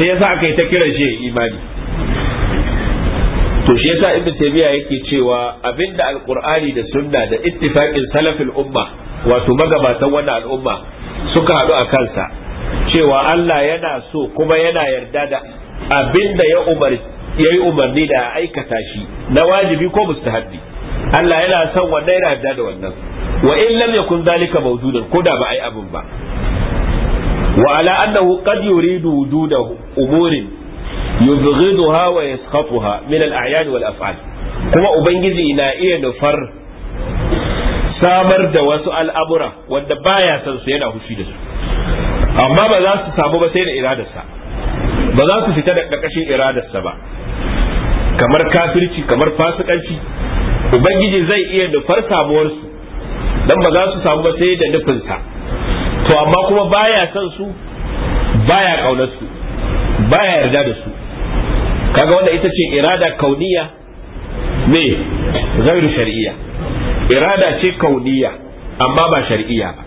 sai yasa aka yi ta kiran shi imani to shi yasa ibnu taymiya yake cewa abinda alqur'ani da sunna da ittifaqin salafil umma wato magabatan wannan al'umma suka haɗu a kansa cewa Allah yana so kuma yana yarda da abin da ya umar yayi umarni da aikata shi na wajibi ko mustahabbi Allah yana son wannan yana yarda da wannan wa in lam yakun zalika mawjudan ko da ba ai abin ba wa ala annahu qad yuridu wujuda umurin yubghiduha wa yaskhatuha min al-a'yan wal af'al kuma ubangiji na iya nufar samar da wasu al'amura wanda baya son su yana hushi da su amma ba za su samu ba sai da iradarsa ba za su fita da ƙarƙashin iradarsa ba kamar kafirci kamar fasikanci ubangiji zai iya nufar samuwarsu don ba za su samu ba sai da nufinsa to amma kuma baya son su baya ƙaunar su baya yarda da su kaga wanda ita ce irada kauniya me zairu shar'iyya irada ce kauniya amma ba shari'a ba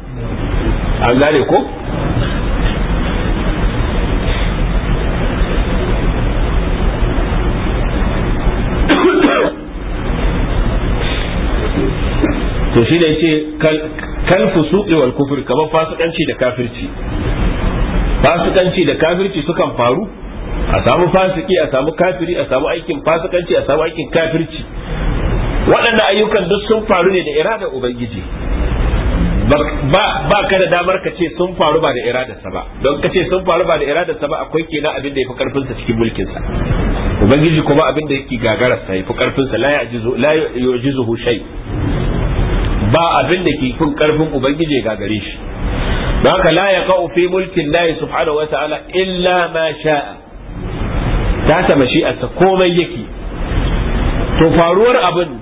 an gane ko to shi ne ce kal fusuqi wal kufur kamar fasikanci da kafirci fasikanci da kafirci sukan faru a samu fasiki a samu kafiri a samu aikin fasikanci a samu aikin kafirci waɗannan ayyukan duk sun faru ne da iradar ubangiji ba ka da damar ka ce sun faru ba da sa ba don ka ce sun faru ba da sa ba akwai kenan abin da ya fi sa cikin mulkinsa ubangiji kuma abin da yake gagararsa ya fi karfinsa la yujizuhu shay ba abin da ke fin karfin ubangiji ga gare shi don ka la ya ka'u fi mulkin lahi subhanahu wata'ala illa ma sha'a ta ta mashi'arsa komai yake to faruwar abin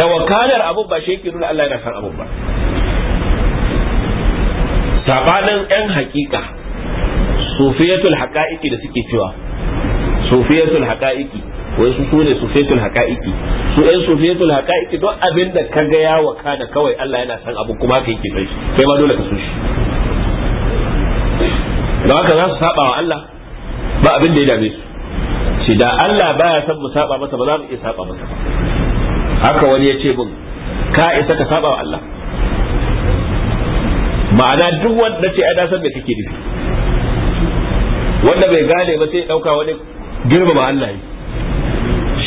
da wakalar abin ba shi yake nuna Allah yana san abin ba sabanin yan hakika sufiyatul haqa'iqi da suke cewa sufiyatul haqa'iqi wai su sune sufetul haqa'iqi su ɗan sufetul haqa'iqi don abin da ka ga yawa da kawai Allah yana san abu kuma ka yake sai kai ma dole ka so shi don haka za su saba wa Allah ba abin da ya dame su shi da Allah baya san mu saba masa ba za mu iya saba masa haka wani ya ce mun ka isa ka saba wa Allah ma'ana duk wanda ce da san me kake nufi wanda bai gane ba sai dauka wani girma ba Allah yi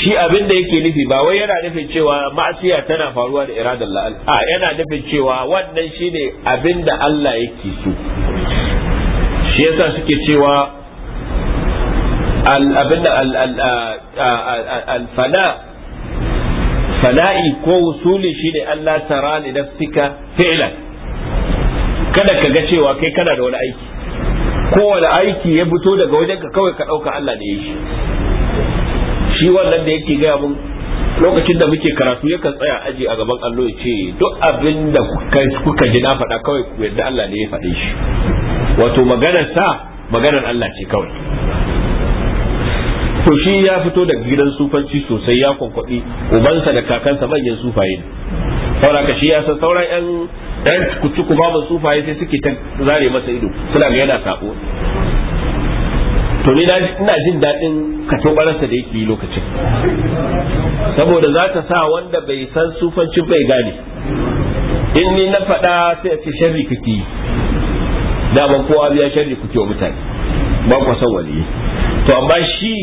shi abin da yake nufi ba wai yana nufin cewa ma'asiya tana faruwa da iradar Allah a yana nufin cewa wannan shine abin da Allah yake so shi yasa suke cewa abin da alfana fana'i ko wusuli shine Allah tara li nafsika fi'lan kada ka ga cewa kai kana da wani aiki kowane aiki ya fito daga wajenka kawai ka ɗauka Allah da ya shi shi wannan da yake gaya mun lokacin da muke karatu ya kan tsaya aji a gaban allo ya ce duk abin da kuka ji na faɗa kawai ku yadda Allah ne ya faɗe shi wato maganar sa maganar Allah ce kawai to shi ya fito daga gidan sufanci sosai ya kwankwaɗi ubansa da kakansa manyan sufaye saura ka shi ya san sauran yan dan kuci ku babu sufaye sai suke ta zare masa ido suna ga yana sako to ni ina jin daɗin katobararsa da yake yi lokacin saboda za ta sa wanda bai san sufancin bai gane in ni na faɗa sai a ce sharri kake yi daman kowa biya sharri kuke wa mutane ba ku san waliyi to amma shi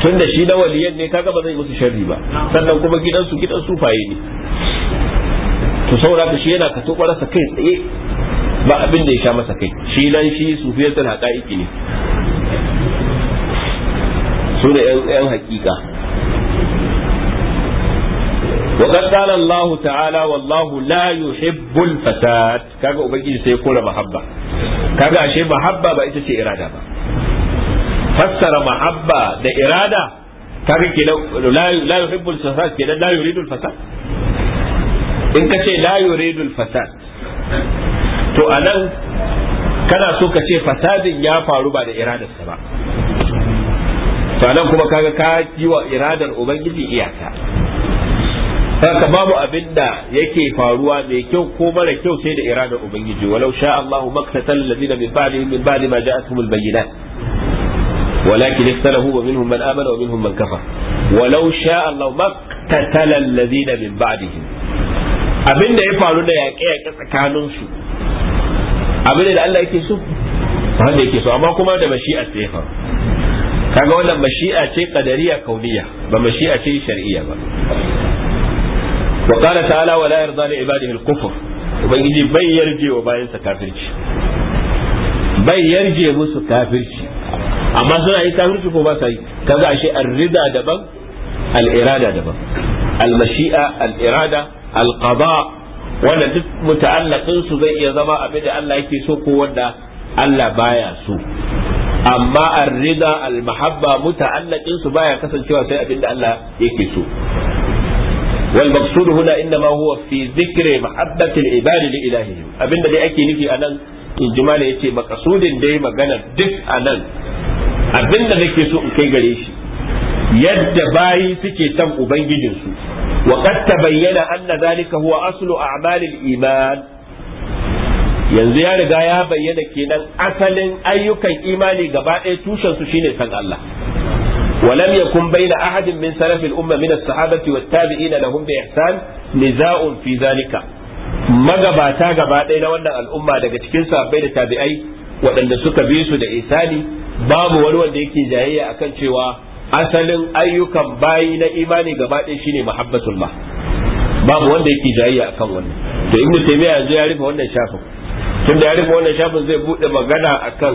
tun da shi na waliyan ne kaga ba zai musu sharri ba sannan kuma gidansu gidan sufaye ne to saboda shi yana kato kwararsa kai tsaye ba abin da ya sha masa kai shi nan shi sufiyar tana ka'iki ne su ne yan hakika وقد قال الله تعالى والله لا يحب الفساد kaga ubangiji sai kora mahabba kaga ashe mahabba ba ita ce irada ba fassara mahabba da irada kaga ke la yuhibbu al-fasad ke la yuridu al-fasad in ka ce la yuridu fasad to anan kana so ka ce fasadin ya faru ba da iradarsa ba sanan kuma kaga ka yi wa iradar ubangiji iyaka haka babu abin da yake faruwa mai kyau ko mara kyau sai da iradar ubangiji walau sha Allah maktatal ladina min ba'di min ba'di ma ja'atuhum al-bayyinat walakin ikhtalafu wa minhum man amana wa minhum man kafa. walau sha Allah maktatal ladina min ba'dihim abin da ya faru da yaƙe yaƙe tsakanin su abin da Allah yake so wanda yake so amma kuma da mashi'a sai ya kaga wannan mashi'a ce qadariya kauniya ba mashi'a ce shar'iyya ba wa qala ta'ala wa la yarda li ibadihi al-kufr ubangiji bai yarje wa bayan bayansa kafirci bai yarje musu kafirci amma suna yi kafirci ko ba sa yi kaga ashe ar-rida daban al-irada daban al-mashi'a al-irada al-qada wanda duk muta'allaqin su zai iya zama abin da Allah yake so ko wanda Allah baya so amma ar almahabba al-mahabba muta'allaqin su baya kasancewa sai abinda Allah yake so wal maqsud huna inma huwa fi dhikri mahabbati al-ibad li ilahihim abinda dai ake nufi anan injimala yace maqsudin dai magana duk anan abinda nake so in kai gare shi yadda bayi suke san ubangijinsu wa qad tabayyana anna dhalika huwa aslu a'malil iman yanzu ya riga ya bayyana kenan asalin ayyukan imani gaba ɗaya tushen su shine san Allah ولم يكن بين أحد من سلف الأمة من الصحابة والتابعين لهم بإحسان نزاع في ذلك magabata gaba na wannan al'umma daga cikin sahabbai da tabi'ai waɗanda suka bi su da isani babu wani wanda yake jayayya akan cewa asalin ayyukan bayi na imani gaba ɗaya shine muhabbatullah babu wanda yake jayayya akan to yanzu ya rufe wannan shafin tun da ya rufe wannan shafin zai bude magana akan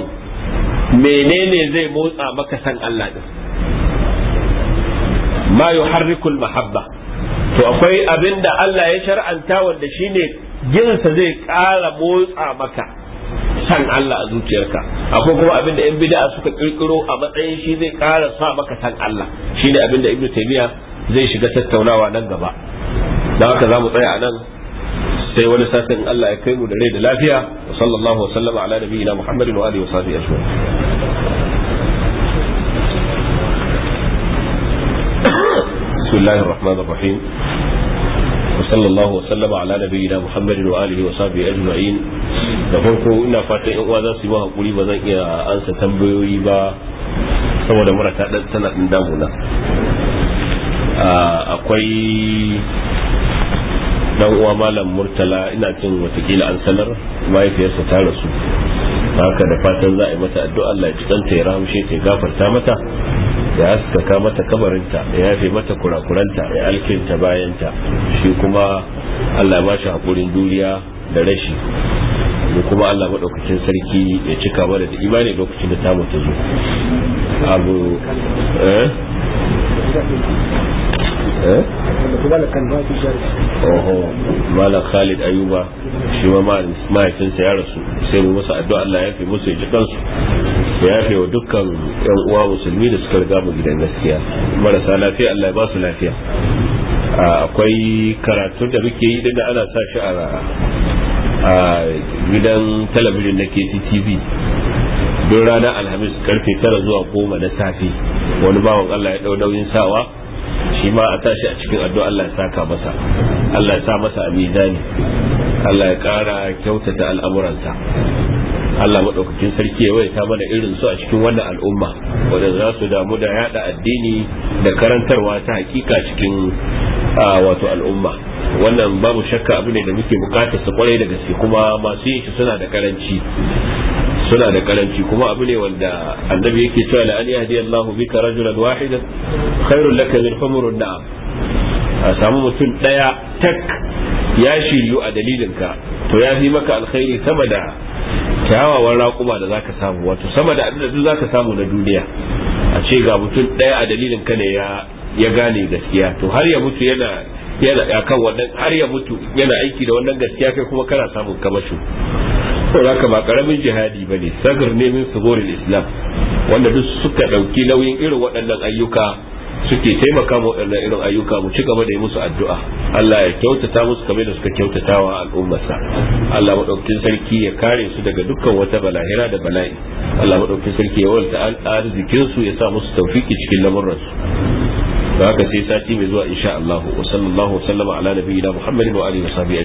menene zai motsa maka san Allah din ma yuharrikul mahabba to akwai abinda Allah ya shar'anta wanda shine jinsa zai ƙara motsa maka san Allah a zuciyarka akwai kuma abin da yan bid'a suka kirkiro a matsayin shi zai kara sa maka san Allah shine abin da Ibn Taymiyyah zai shiga tattaunawa nan gaba don haka za mu tsaya a nan sai wani satin Allah ya kai mu da rai da lafiya wa sallallahu wa sallama ala nabiyina Muhammadin wa alihi wa sahbihi ajma'in bismillahir rahmanir rahim wa sallallahu wa sallama ala nabiyina Muhammadin wa alihi wa sahbihi ajma'in da farko ina fatan yan uwa za su yi hakuri ba zan iya ansa tambayoyi ba saboda mura ta dan tana damuna ah, akwai dan uwa malam murtala ina jin watakila an sanar mahaifiyarsa ta rasu haka da fatan za a yi mata addu'a Allah ya tsanta ya rahamshe ta gafarta mata ya haskaka mata kabarinta ya yafe mata kurakuranta ya alkinta bayanta shi kuma Allah ya bashi hakurin duniya da rashi da kuma Allah maɗaukacin sarki ya cika mana da imani lokacin da ta ta zo abu eh? Eh? oho khalid ayuba shi ma mahaifinsa ya rasu sai mu masa addu'a Allah ya fi musu ji kansu ya yafe wa dukkan yan uwa musulmi da suka riga mu gidan gaskiya marasa lafiya Allah ya ba su lafiya akwai karatu da muke yi daga ana sa shi a gidan talabijin na ktv don ranar alhamis karfe tara zuwa goma na safe wani bawan Allah ya dau nauyin sawa shi ma a tashi a cikin addu'a Allah ya saka masa Allah ya sa masa a mizani Allah ya ƙara kyautata al'amuransa Allah maɗaukakin sarki ya ta mana irin su a cikin wannan al'umma wanda za su damu da yada addini da karantarwa ta hakika cikin wato al'umma wannan babu shakka abu ne da muke bukatar su kwarai da gaske kuma masu yin shi suna da karanci suna da karanci kuma abu ne wanda annabi yake cewa la an yahdi Allahu bika rajulan wahidan khairul laka min a samu mutum daya tak ya shiryu a dalilinka to ya fi maka alkhairi sama da kyawawan raƙuma da zaka samu wato sama da abin zaka samu na duniya a ce ga mutum daya a dalilin ka ne ya ya gane gaskiya to har ya mutu yana yana akan wannan har ya mutu yana aiki da wannan gaskiya kai kuma kana samun kamashin za ka ba karamin jihadi ba ne sagar ne min saborin islam wanda duk suka ɗauki nauyin irin waɗannan ayyuka suke taimaka mu waɗannan irin ayyuka mu ci gaba da yi musu addu'a Allah ya kyautata musu kamar da suka kyautata wa al'ummarsa Allah madaukakin sarki ya kare su daga dukkan wata balahira da bala'i Allah madaukakin sarki ya walta arzikin su ya sa musu tawfiki cikin lamuran su da haka sai sati mai zuwa insha Allah wa sallallahu sallama ala nabiyina Muhammadin wa alihi wa sahbihi